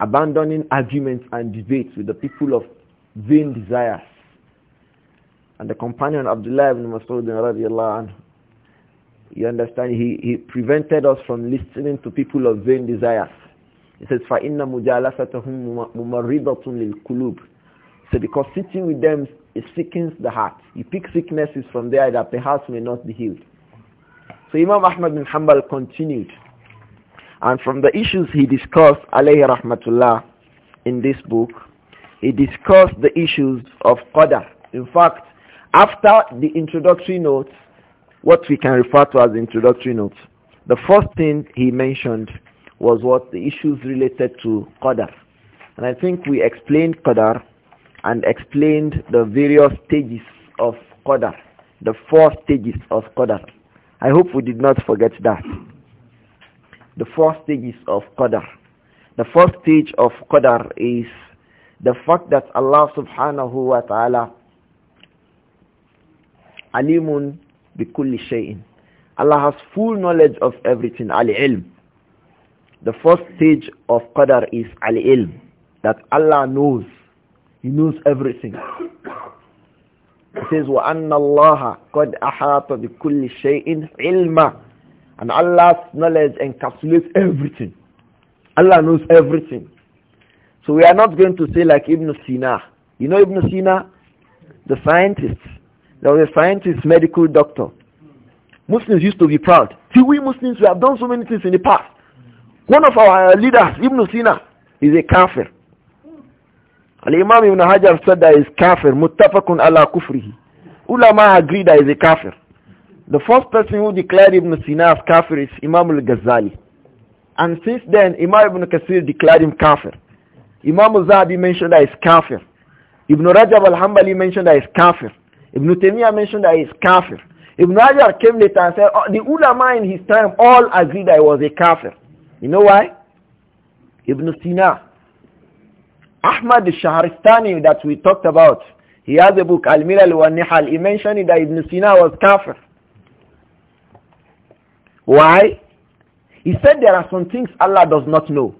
Abandoning arguments and debates with the people of vain desires. And the companion Abdullah ibn Mas'ud radiallahu anhu, you understand, he, he prevented us from listening to people of vain desires. He says, فَإِنَّ مُجَالَسَتَهُمْ مُمَرِّضَةٌ لِلْقُلُوبِ So because sitting with them it sickens the heart. You pick sicknesses from there that perhaps may not be healed. So Imam Ahmad bin Hanbal continued. And from the issues he discussed, alayhi rahmatullah, in this book, he discussed the issues of qadar. In fact, after the introductory notes, what we can refer to as introductory notes, the first thing he mentioned was what the issues related to qadar. And I think we explained qadar and explained the various stages of qadar, the four stages of qadar. I hope we did not forget that. The four stage of Qadar. The first stage of Qadar is the fact that Allah subhanahu wa ta'ala alimun bi kulli shay'in. Allah has full knowledge of everything, al-ilm. The first stage of Qadar is al-ilm, that Allah knows. He knows everything. It says, وَأَنَّ اللَّهَ قَدْ أَحَاطَ بِكُلِّ شَيْءٍ عِلْمًا And Allah's knowledge encapsulates everything. Allah knows everything. So we are not going to say like Ibn Sina. You know Ibn Sina? The scientist. There was a scientist, medical doctor. Muslims used to be proud. See, we Muslims, we have done so many things in the past. One of our leaders, Ibn Sina, is a kafir. Al-Imam Ibn Hajar said that is kafir, muttafaqun ala kufrihi. Ulama agree that is a kafir. The first person who declared Ibn Sina as kafir is Imam al-Ghazali. And since then, Imam Ibn Kasir declared him kafir. Imam al-Zahabi mentioned that is kafir. Ibn Rajab al-Hambali mentioned that is kafir. Ibn Taymiyyah mentioned that is kafir. Ibn Hajar came later and said, oh, the ulama in his time all agreed that he was a kafir. You know why? Ibn Sina Ahmad shahristani that we talked about, he has a book, Al-Milal wa Nihal. He mentioned that Ibn Sina was kafir. Why? He said there are some things Allah does not know.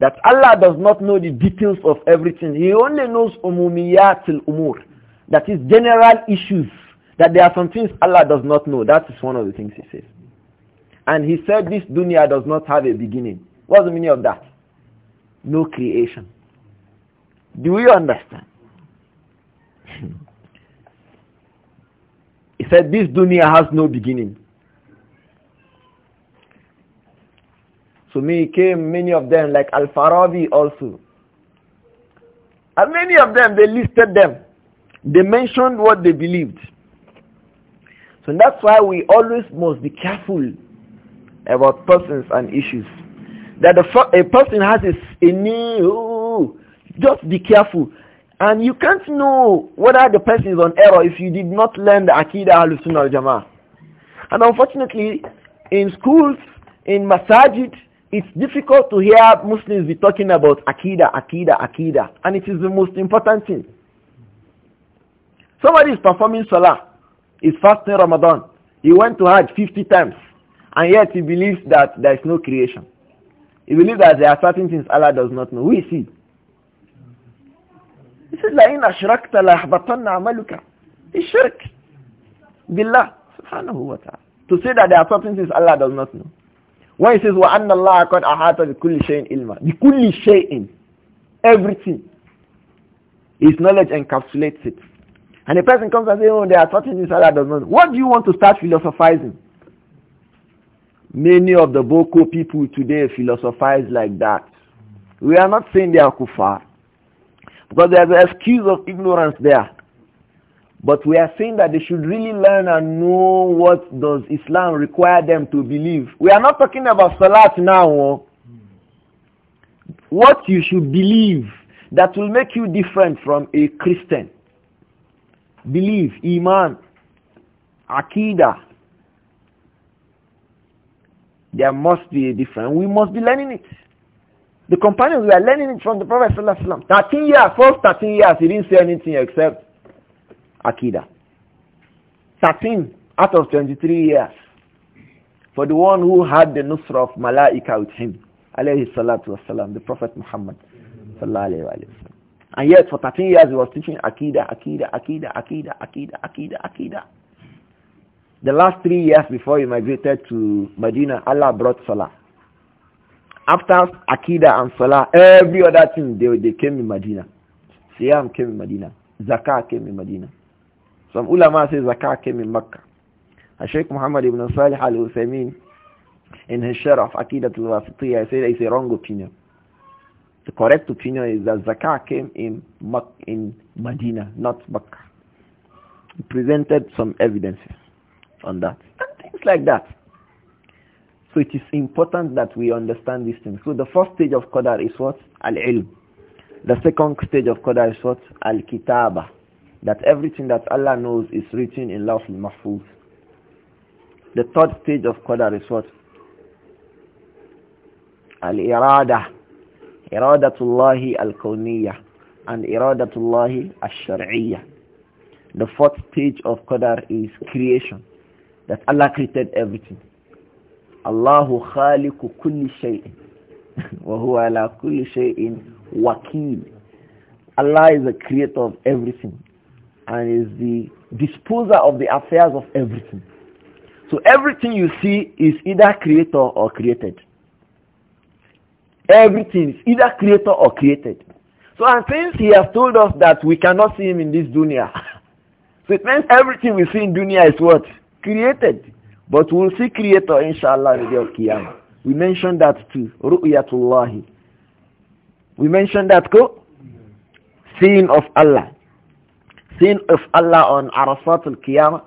That Allah does not know the details of everything. He only knows umumiyat al-umur. That is general issues. That there are some things Allah does not know. That is one of the things he says. And he said this dunya does not have a beginning. What's the meaning of that? No creation. Do you understand? he said, this dunya has no beginning. So me came many of them like Al-Farabi also. And many of them, they listed them. They mentioned what they believed. So that's why we always must be careful about persons and issues. That a, a person has a, a new just be careful. And you can't know whether the person is on error if you did not learn the akida al-Sunnah al-Jama'ah. And unfortunately, in schools, in masajid, it's difficult to hear Muslims be talking about akida, akida, akida, And it is the most important thing. Somebody is performing Salah, is fasting Ramadan. He went to Hajj 50 times. And yet he believes that there is no creation. He believes that there are certain things Allah does not know. We see. He said, لَإِنْ أَشْرَكْتَ لَأَحْبَطَنَّ عَمَلُكَ It's shirk. Billah. Subhanahu wa ta'ala. To say that there are certain things Allah does not know. When he says, وَأَنَّ اللَّهَ قَدْ أَحَاتَ بِكُلِّ شَيْءٍ إِلْمًا بِكُلِّ شَيْءٍ Everything. His knowledge encapsulates it. And a person comes and says, oh, there are certain things Allah does not know. What do you want to start philosophizing? Many of the Boko people today philosophize like that. We are not saying they are kuffar. But there's an excuse of ignorance there. But we are saying that they should really learn and know what does Islam require them to believe. We are not talking about Salat now. Oh. What you should believe that will make you different from a Christian. Believe, Iman, akida. There must be a difference. We must be learning it. The companions were learning it from the Prophet ﷺ. 13 years, first 13 years, he didn't say anything except Akida. 13 out of 23 years for the one who had the nusra of Malaika with him, alayhi salatu wasalam, the Prophet Muhammad. And yet for 13 years he was teaching Akida, Akida, Akida, Akida, Akida, Akida, Akida. The last three years before he migrated to Medina, Allah brought Salah. After Akida and Salah, every other thing, they, they came in Medina. Siyam came in Medina. Zakah came in Medina. Some ulama say Zakah came in Mecca. Sheikh Muhammad ibn Salih al in his share of Akidat al-Wasitiyya, said it's a wrong opinion. The correct opinion is that Zakah came in, Mac in Medina, not Mecca. He presented some evidences on that. And things like that. So it is important that we understand these things. So the first stage of Qadar is what? Al-ilm. The second stage of Qadar is what? Al-kitaba. That everything that Allah knows is written in Lawf al-Mahfuz. The third stage of Qadar is what? Al-irada. Iradatullahi al-kawniyah. And iradatullahi al-shar'iyyah. The fourth stage of Qadar is creation. That Allah created everything. Allahu khaliqu kulli shay'in (laughs) wa huwa ala kulli shay'in wakil. Allah is the creator of everything and is the disposer of the affairs of everything. So everything you see is either creator or created. Everything is either creator or created. So and since he has told us that we cannot see him in this dunya, (laughs) so it means everything we see in dunya is what? Created. But we'll see Creator inshallah in the day We mentioned that too. Ru'yatullahi. We mentioned that go. Seeing of Allah. Seeing of Allah on Arafat al-Qiyamah.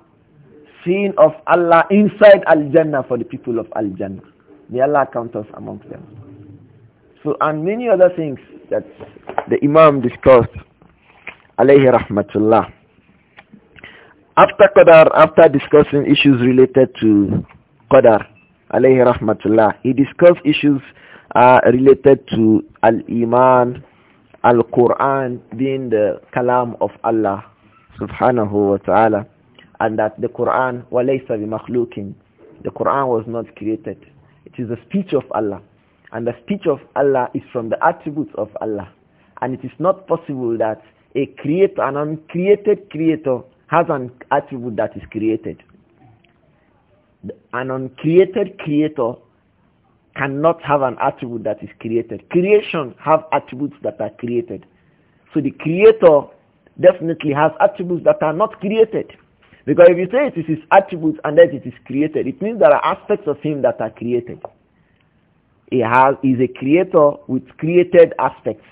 Seeing of Allah inside Al-Jannah for the people of Al-Jannah. May Allah count us amongst them. So, and many other things that the Imam discussed. Alayhi rahmatullah. After Qadar, after discussing issues related to Qadar, alayhi rahmatullah, he discussed issues uh, related to Al-Iman, Al-Quran being the kalam of Allah subhanahu wa ta'ala and that the Quran walaysa bimakhluqin the Quran was not created it is the speech of Allah and the speech of Allah is from the attributes of Allah and it is not possible that a creator an uncreated creator has an attribute that is created. An uncreated creator cannot have an attribute that is created. Creation have attributes that are created. So the creator definitely has attributes that are not created. Because if you say it is his attributes and that it is created, it means there are aspects of him that are created. He has, is a creator with created aspects.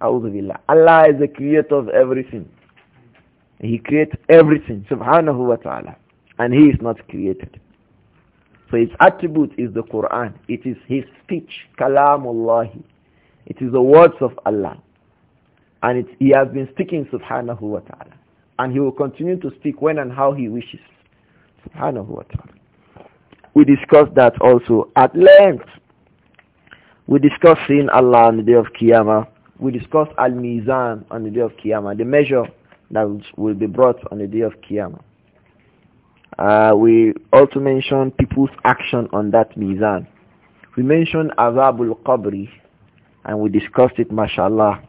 Allah is the creator of everything. He creates everything, subhanahu wa ta'ala. And he is not created. So his attribute is the Quran. It is his speech, kalamullahi. It is the words of Allah. And it, he has been speaking, subhanahu wa ta'ala. And he will continue to speak when and how he wishes, subhanahu wa ta'ala. We discussed that also at length. We discussed seeing Allah on the day of Qiyamah. We discussed Al-Mizan on the day of Qiyamah, the measure that will be brought on the day of Qiyamah. Uh, we also mention people's action on that mizan. We mentioned azabul qabri and we discussed it mashallah.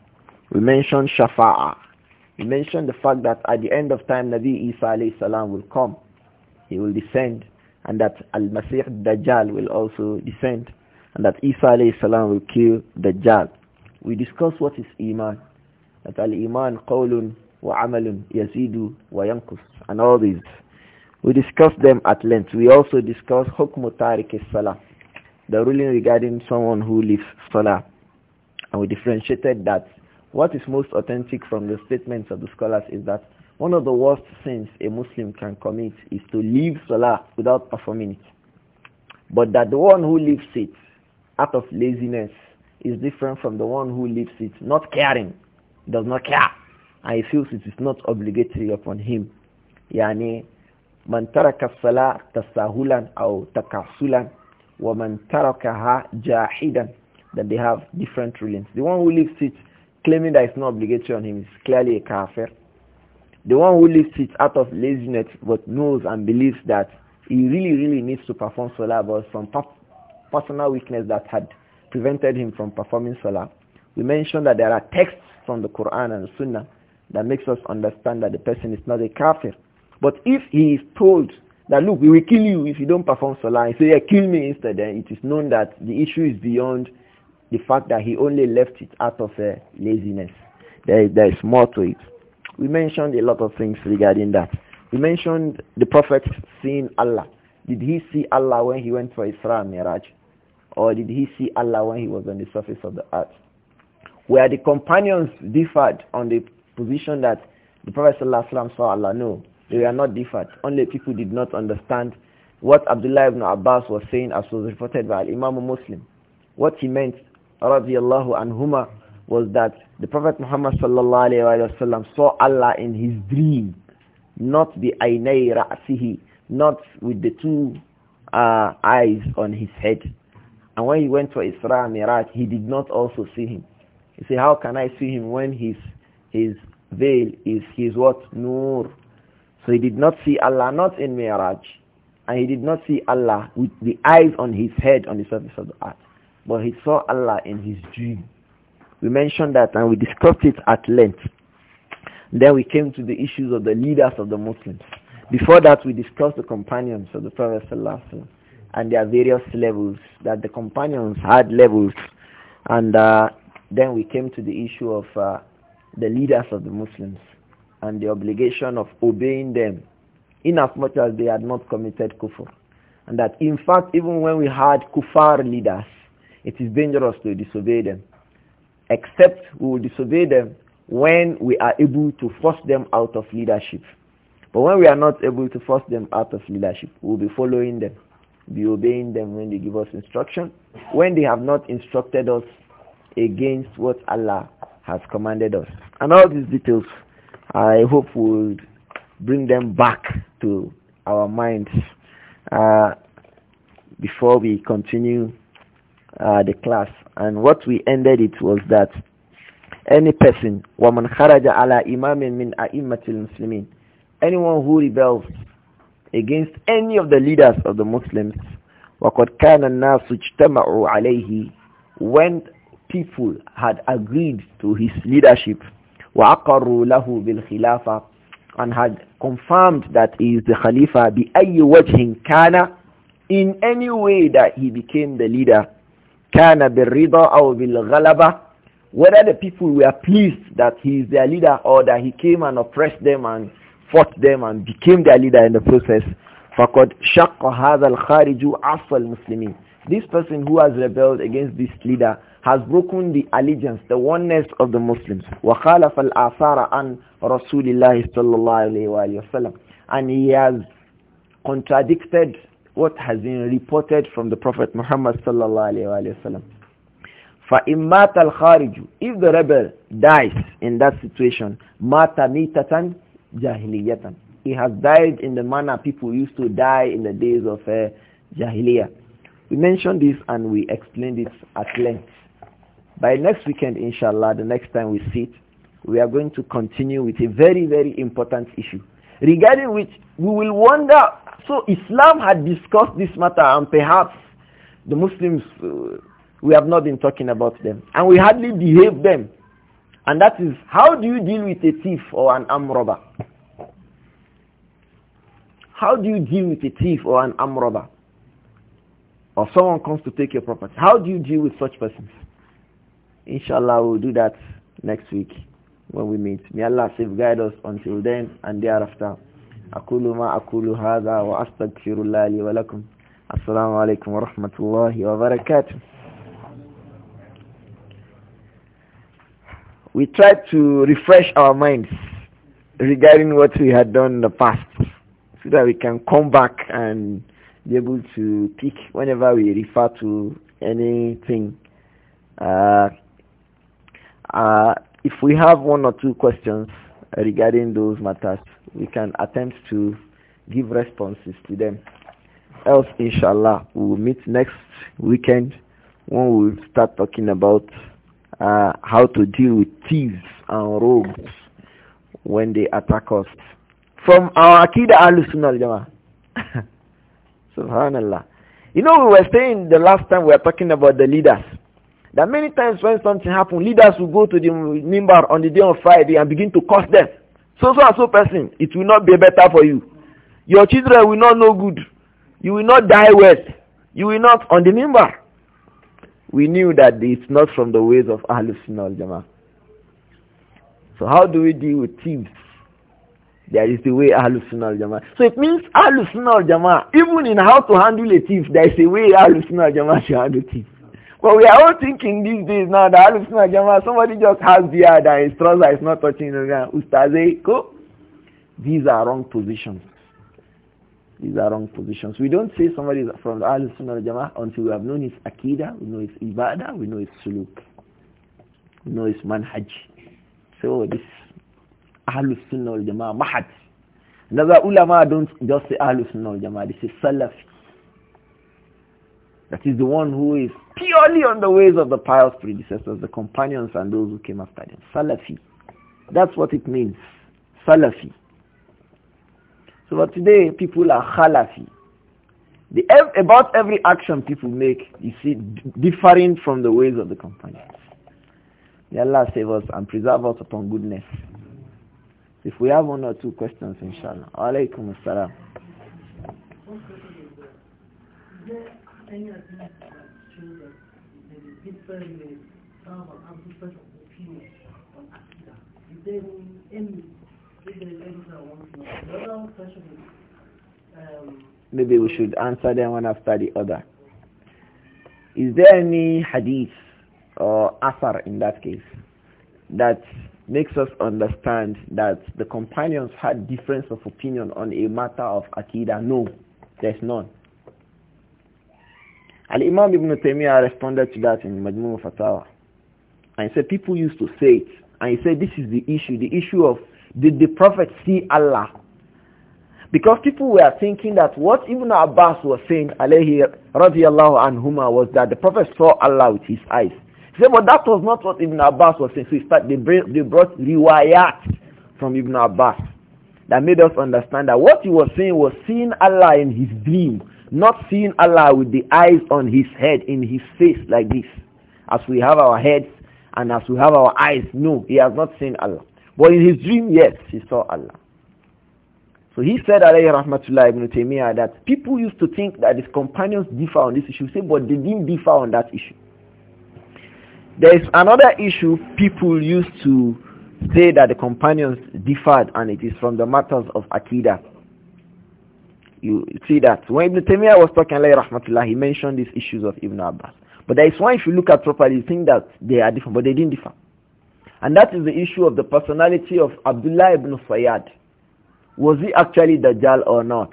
We mentioned shafa'a. We mentioned the fact that at the end of time Nabi Isa alayhi salam will come. He will descend and that al-Masih Dajjal will also descend and that Isa alayhi salam will kill Dajjal. We discussed what is iman. That al-iman qawlun وَعَمَلٌ يَزِيدُ وَيَنْقُصُ and all these. We discussed them at length. We also discussed حُكْمُ تَارِكِ salah the ruling regarding someone who leaves Salah. And we differentiated that what is most authentic from the statements of the scholars is that one of the worst sins a Muslim can commit is to leave Salah without performing it. But that the one who leaves it out of laziness is different from the one who leaves it not caring, does not care and he feels it is not obligatory upon him يعني من ترك tasahulan تساهلا أو تكاسلا ومن تركها jahidan, that they have different rulings. The one who leaves it claiming that it's not obligatory on him is clearly a kafir. The one who leaves it out of laziness but knows and believes that he really, really needs to perform salah but from personal weakness that had prevented him from performing salah. We mentioned that there are texts from the Quran and the Sunnah that makes us understand that the person is not a kafir. But if he is told that, look, we will kill you if you don't perform salah, say, yeah, kill me instead, then it is known that the issue is beyond the fact that he only left it out of uh, laziness. There, there is more to it. We mentioned a lot of things regarding that. We mentioned the Prophet seeing Allah. Did he see Allah when he went for Isra and Miraj? Or did he see Allah when he was on the surface of the earth? Where the companions differed on the position that the Prophet ﷺ saw Allah. No, they were not different. Only people did not understand what Abdullah ibn Abbas was saying as was reported by Imam Muslim. What he meant, radiallahu anhuma, was that the Prophet Muhammad ﷺ saw Allah in his dream, not the aynay ra'sihi, not with the two uh, eyes on his head. And when he went for Isra Miraj, he did not also see him. He said, how can I see him when he's?" his veil is his what? Nur. So he did not see Allah, not in Miraj. And he did not see Allah with the eyes on his head on the surface of the earth. But he saw Allah in his dream. We mentioned that and we discussed it at length. Then we came to the issues of the leaders of the Muslims. Before that, we discussed the companions of the Prophet Sallallahu and their various levels, that the companions had levels. And uh, then we came to the issue of uh, the leaders of the Muslims and the obligation of obeying them inasmuch as they had not committed kufr. And that in fact, even when we had kufar leaders, it is dangerous to disobey them. Except we will disobey them when we are able to force them out of leadership. But when we are not able to force them out of leadership, we will be following them, be obeying them when they give us instruction, when they have not instructed us against what Allah has commanded us. And all these details, I hope will bring them back to our minds uh, before we continue uh, the class. And what we ended it was that any person, Anyone who rebels against any of the leaders of the Muslims, وَقَدْ كَانَ النَّاسُ اجْتَمَعُوا عَلَيْهِ people had agreed to his leadership وَأَقَرُّوا لَهُ بِالْخِلَافَةِ and had confirmed that he is the Khalifa بِأَيِّ وَجْهٍ كَانَ in any way that he became the leader كَانَ بِالرِّضَى أَوْ بِالْغَلَبَةِ whether the people were pleased that he is their leader or that he came and oppressed them and fought them and became their leader in the process فَقَدْ شَقَّ هَذَا الْخَارِجُ عَصَى الْمُسْلِمِينَ this person who has rebelled against this leader has broken the allegiance, the oneness of the Muslims. وَخَالَفَ الْآثَارَ عَنْ an اللَّهِ صَلَّى اللَّهُ عَلَيْهِ And he has contradicted what has been reported from the Prophet Muhammad sallallahu alayhi wa sallam. al kharij, If the rebel dies in that situation, مَاتَ tatan جَاهِلِيَّةً He has died in the manner people used to die in the days of uh, Jahiliyyah. We mentioned this and we explained it at length. By next weekend, inshallah, the next time we sit, we are going to continue with a very, very important issue, regarding which we will wonder, so Islam had discussed this matter and perhaps the Muslims, uh, we have not been talking about them. And we hardly behave them. And that is, how do you deal with a thief or an arm robber? How do you deal with a thief or an arm robber? Or someone comes to take your property. How do you deal with such persons? Inshallah, we'll do that next week when we meet. May Allah guide us until then and thereafter. أقول ما أقول هذا وأستغفر الله لي ولكم السلام عليكم ورحمة الله وبركاته We tried to refresh our minds regarding what we had done in the past so that we can come back and be able to pick whenever we refer to anything. Uh, uh, if we have one or two questions regarding those matters, we can attempt to give responses to them. Else, inshallah, we will meet next weekend when we will start talking about uh, how to deal with thieves and rogues when they attack us. From our Akida al-Sunnah (laughs) Subhanallah. You know, we were saying the last time we were talking about the leaders. That many times when something happens, leaders will go to the member on the day of Friday and begin to curse them. So so and so person, it will not be better for you. Your children will not know good. You will not die well. You will not on the member. We knew that it's not from the ways of Ahlul Sunnah So how do we deal with thieves? There is the way Ahlul Sunnah So it means Ahlul Sunnah even in how to handle a thief, there is a way Ahlul Sunnah should handle thieves. But we are all thinking these days now that Ahlul Sunnah Jamaah, somebody just has the idea, his trouser is not touching the ground. Ustaze, go. These are wrong positions. These are wrong positions. We don't say somebody is from the Ahlul Sunnah Jama until we have known his Akida, we know his Ibadah, we know his Suluk, we know his Manhaj. So this Ahlul Sunnah Jamaah Mahat. Another ulama don't just say Ahlul Sunnah Jamaah; they say Salafi. That is the one who is purely on the ways of the pious predecessors, the companions and those who came after them. Salafi. That's what it means. Salafi. So but today people are Khalafi. The, about every action people make, you see, differing from the ways of the companions. May Allah save us and preserve us upon goodness. If we have one or two questions, inshallah. Alaykum as-salam any of children, different some different opinions on Akira. Is there any, anything I want to know? The other question is, um, maybe we should answer them one after the other. Is there any hadith or asar in that case that makes us understand that the companions had difference of opinion on a matter of akida? No, there's none. Al-Imam Ibn Taymiyyah responded to that in Majmu Fatawa. And he said people used to say it. And he said this is the issue, the issue of did the Prophet see Allah? Because people were thinking that what Ibn Abbas was saying, alayhi and anhuma, was that the Prophet saw Allah with his eyes. He said, but that was not what Ibn Abbas was saying. So he started they, bring, they brought riwayat from Ibn Abbas that made us understand that what he was saying was seeing Allah in his dream not seeing Allah with the eyes on his head, in his face like this. As we have our heads and as we have our eyes. No, he has not seen Allah. But in his dream, yes, he saw Allah. So he said, alayhi rahmatullah ibn Taymiyyah, that people used to think that his companions differ on this issue. Say, but they didn't differ on that issue. There is another issue people used to say that the companions differed, and it is from the matters of Aqidah you see that when Ibn Taymiyyah was talking, rahmatullah, he mentioned these issues of Ibn Abbas. But there is one, if you look at properly, you think that they are different, but they didn't differ. And that is the issue of the personality of Abdullah ibn Sayyad. Was he actually Dajjal or not?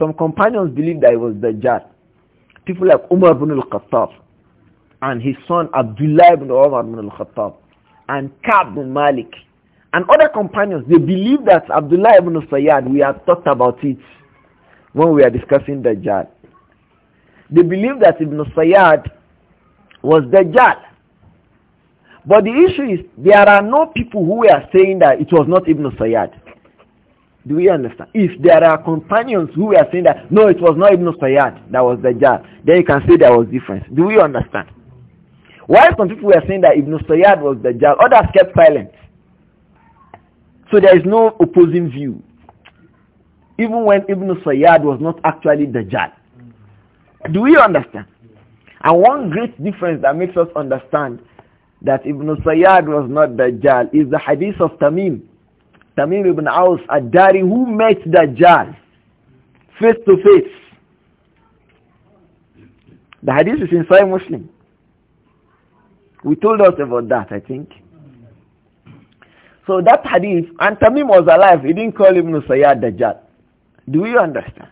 Some companions believed that he was Dajjal. People like Umar ibn al-Khattab and his son Abdullah ibn Umar ibn al-Khattab and Ka'b ibn Malik and other companions, they believed that Abdullah ibn Sayyad, we have talked about it when we are discussing Dajjal. They believe that Ibn Sayyad was Dajjal. But the issue is there are no people who are saying that it was not Ibn Sayyad. Do we understand? If there are companions who are saying that no, it was not Ibn Sayyad that was Dajjal, then you can say there was difference. Do we understand? Why some people were saying that Ibn Sayyad was Dajjal, others kept silent. So there is no opposing view even when Ibn Sayyad was not actually Dajjal. Do we understand? And one great difference that makes us understand that Ibn Sayyad was not Dajjal is the hadith of Tamim. Tamim ibn Aus Ad-Dari who met Dajjal face to face. The hadith is in Sahih Muslim. We told us about that, I think. So that hadith, and Tamim was alive, he didn't call Ibn Sayyad Dajjal. Do you understand?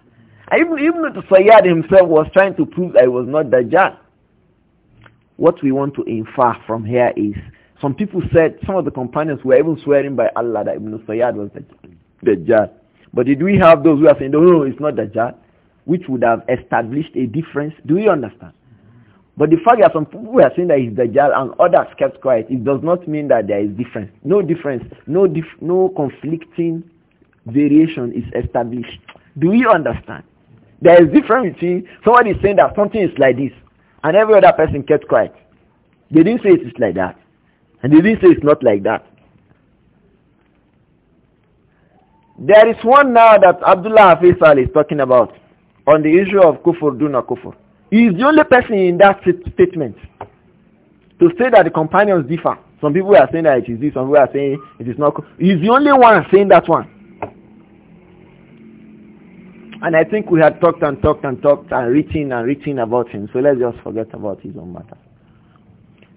Even, even the Sayyad himself was trying to prove I was not Dajjal. What we want to infer from here is some people said, some of the companions were even swearing by Allah that Ibn Sayyad was Dajjal. But did we have those who are saying, no, no, it's not Dajjal, which would have established a difference? Do you understand? But the fact that some people were saying that he's Dajjal and others kept quiet, it does not mean that there is difference. No difference, no, dif no conflicting variation is established. Do you understand? There is difference between somebody saying that something is like this and every other person kept quiet. They didn't say it is like that. And they didn't say it's not like that. There is one now that Abdullah Faisal is talking about on the issue of kufur, duna kufur. He is the only person in that statement to say that the companions differ. Some people are saying that it is this, some people are saying it is not. He is the only one saying that one. And I think we had talked and talked and talked and written and written about him. So let's just forget about his own matter.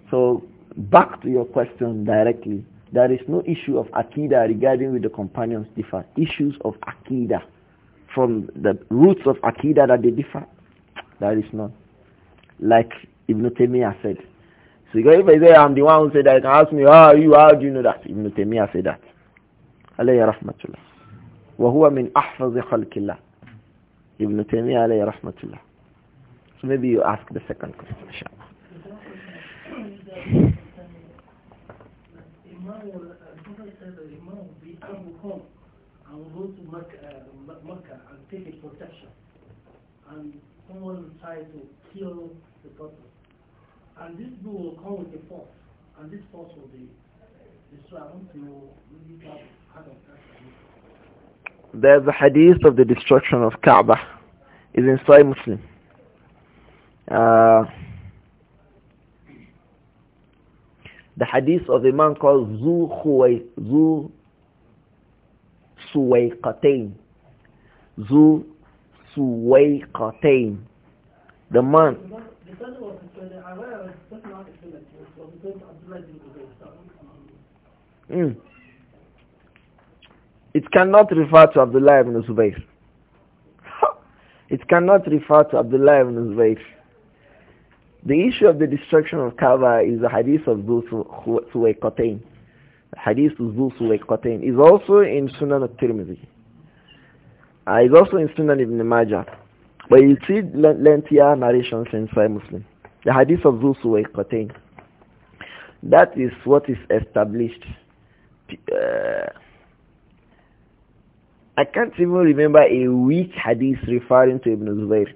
So back to your question directly. There is no issue of Akida regarding with the companions differ. Issues of Akida from the roots of Akida that they differ, there is none. Like Ibn Taymiyyah said. So if I say I'm the one who said that, you can ask me, how ah, are you, how do you know that? Ibn Taymiyyah said that. Alayhi rahmatullah. وهو من أحفظ خلق الله Ibn Taymiyyah alayhi rahmatullah. So maybe you ask the second question, inshallah. and go to Mecca, uh, Mecca and a protection. And someone tried to kill the prophet. And this bull will come with a force. And this force will be destroyed. I want to know really have part of there's a hadith of the destruction of Kaaba. It's in Sahih Muslim. Uh, the hadith of a man called Zu Khuway, Zu Suwayqatain. Zu Suwayqatain. The man. Mm. It cannot refer to Abdullah ibn Zubayr. it cannot refer to Abdullah ibn Zubayr. The issue of the destruction of Kaaba is the hadith of Dhul The hadith of Dhul Suwaikotain is also in Sunan al-Tirmidhi. Uh, it's also in Sunan ibn Majah. But you see lengthier narrations in Sahih Muslim. The hadith of Dhul Suwaikotain. That is what is established. Uh, I can't even remember a weak hadith referring to Ibn Zubayr.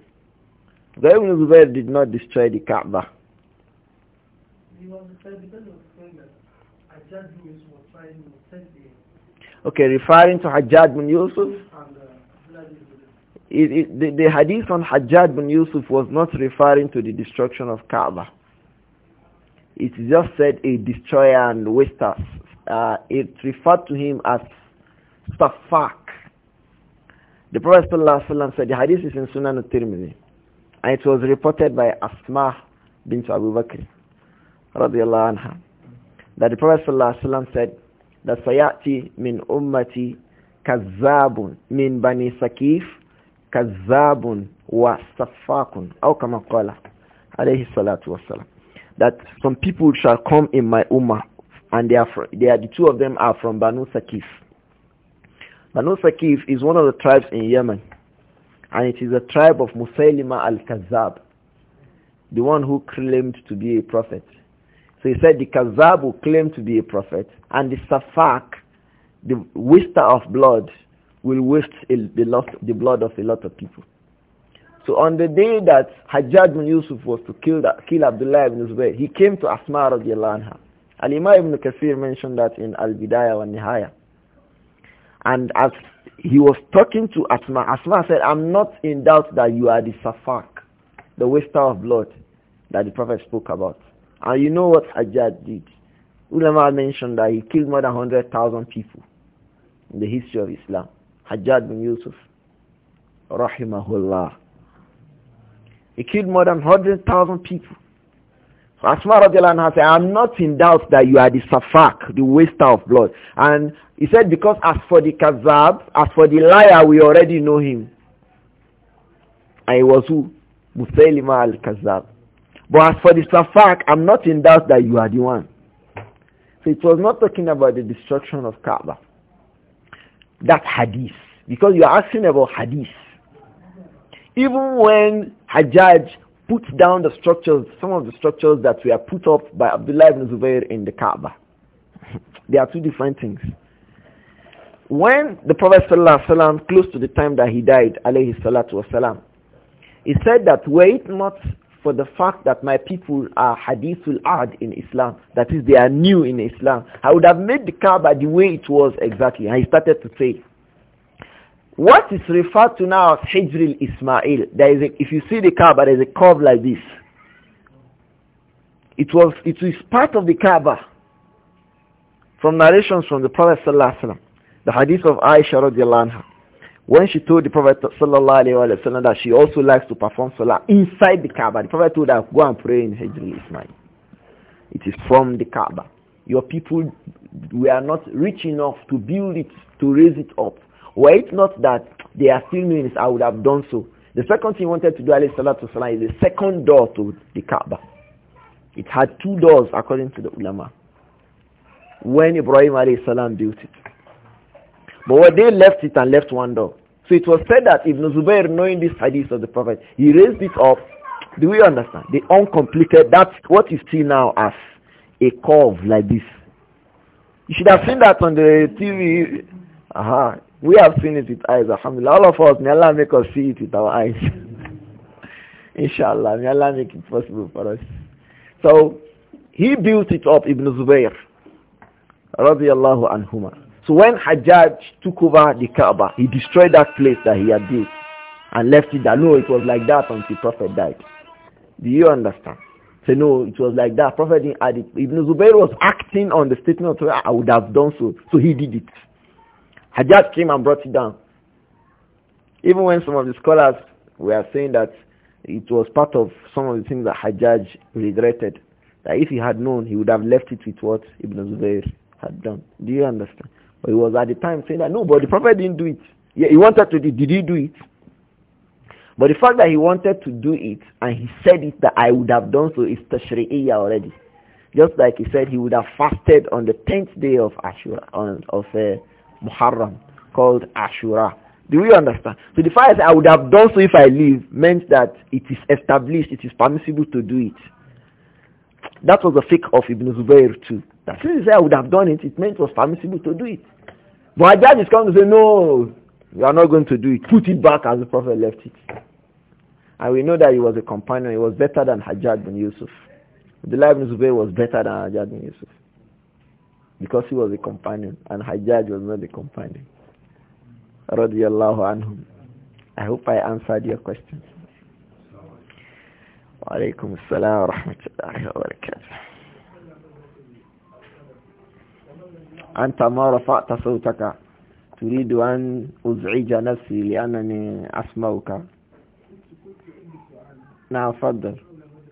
The Ibn Zubayr did not destroy the Kaaba. Okay, referring to Hajjaj bin Yusuf? Uh, it, it, the, the hadith on Hajjaj bin Yusuf was not referring to the destruction of Kaaba. It just said a destroyer and wasters. Uh, it referred to him as Safa, the Prophet ﷺ said, the hadith is in Sunan al-Tirmidhi. And it was reported by Asma bint Abu Bakr, radiallahu anha, that the Prophet ﷺ said, that sayati min ummati kazabun min bani sakif kazabun wa safakun aw kama qala alayhi salatu wassalam that some people shall come in my ummah and they are, they are the two of them are from banu sakif Banu Sakif is one of the tribes in Yemen. And it is a tribe of Musaylima al kazab The one who claimed to be a prophet. So he said the Kazab who claimed to be a prophet and the Safak, the waster of blood, will waste the, the blood of a lot of people. So on the day that Hajjaj bin Yusuf was to kill, that, kill Abdullah ibn Zubayr, he came to Asma radiallahu anha. Al-Imam ibn Kathir mentioned that in Al-Bidayah wa Nihaya. And as he was talking to Asma, Asma said, I'm not in doubt that you are the Safak, the waster of blood that the Prophet spoke about. And you know what Hajjaj did? Ulama mentioned that he killed more than 100,000 people in the history of Islam. Hajjaj bin Yusuf, rahimahullah. He killed more than 100,000 people. Asma radiallahu anha said, I'm not in doubt that you are the safak, the waster of blood. And he said, because as for the kazab, as for the liar, we already know him. And it was who? Musaylima al-kazab. But as for the safak, I'm not in doubt that you are the one. So it was not talking about the destruction of Kaaba. That hadith. Because you are asking about hadith. Even when Hajjaj put down the structures, some of the structures that were put up by Abdullah ibn Zubayr in the Kaaba. (laughs) There are two different things. When the Prophet ﷺ, close to the time that he died, alayhi salatu wasalam, he said that were it not for the fact that my people are hadithul ad in Islam, that is they are new in Islam, I would have made the Kaaba the way it was exactly. And he started to say, what is referred to now as Hijril Ismail, there is a, if you see the Kaaba, there is a curve like this. It was, it is part of the Kaaba from narrations from the Prophet ﷺ, the hadith of Aisha radiallahu when she told the Prophet ﷺ that she also likes to perform salah inside the Kaaba, the Prophet told her, go and pray in Hijril Ismail. It is from the Kaaba. Your people were not rich enough to build it, to raise it up. Were it not that they are still doing this, I would have done so. The second thing he wanted to do, alayhi salatu wasalam, is the second door to the Kaaba. It had two doors, according to the ulama, when Ibrahim alayhi salam built it. But when they left it and left one door. So it was said that Ibn Zubayr, knowing this hadith of the Prophet, he raised it up. Do we understand? The uncompleted, that's what you see now as a curve like this. You should have seen that on the TV. Uh -huh. We have seen it with eyes, alhamdulillah. All of us, may Allah make us see it with our eyes. (laughs) Inshallah, may Allah make it possible for us. So, he built it up, Ibn Zubayr, radiallahu anhuma. So when Hajjaj took over the Kaaba, he destroyed that place that he had built and left it there. No, it was like that until Prophet died. Do you understand? Say so, no, it was like that. Prophet didn't add it. Ibn Zubayr was acting on the statement of I would have done so. So he did it. Hajjaj came and brought it down. Even when some of the scholars were saying that it was part of some of the things that Hajjaj regretted, that if he had known, he would have left it with what Ibn Zubayr had done. Do you understand? But he was at the time saying that, no, but the Prophet didn't do it. Yeah, he wanted to do it. Did he do it? But the fact that he wanted to do it and he said it that I would have done so is tashri'iyya already. Just like he said he would have fasted on the 10th day of Ashura, on, of uh, Muharram called Ashura. Do we understand? So the fact I would have done so if I live meant that it is established, it is permissible to do it. That was the fake of Ibn Zubayr too. That since I would have done it, it meant it was permissible to do it. But Hajjaj is coming to say, no, you are not going to do it. Put it back as the Prophet left it. And we know that he was a companion. He was better than Hajjaj bin Yusuf. The life of Zubayr was better than Hajjaj bin Yusuf because he was a companion and Hajjaj was not a companion. Radiallahu anhum. I hope I answered your question. وعليكم السلام ورحمة الله وبركاته أنت ما رفعت صوتك تريد أن أزعج نفسي لأنني أسمعك نعم فضل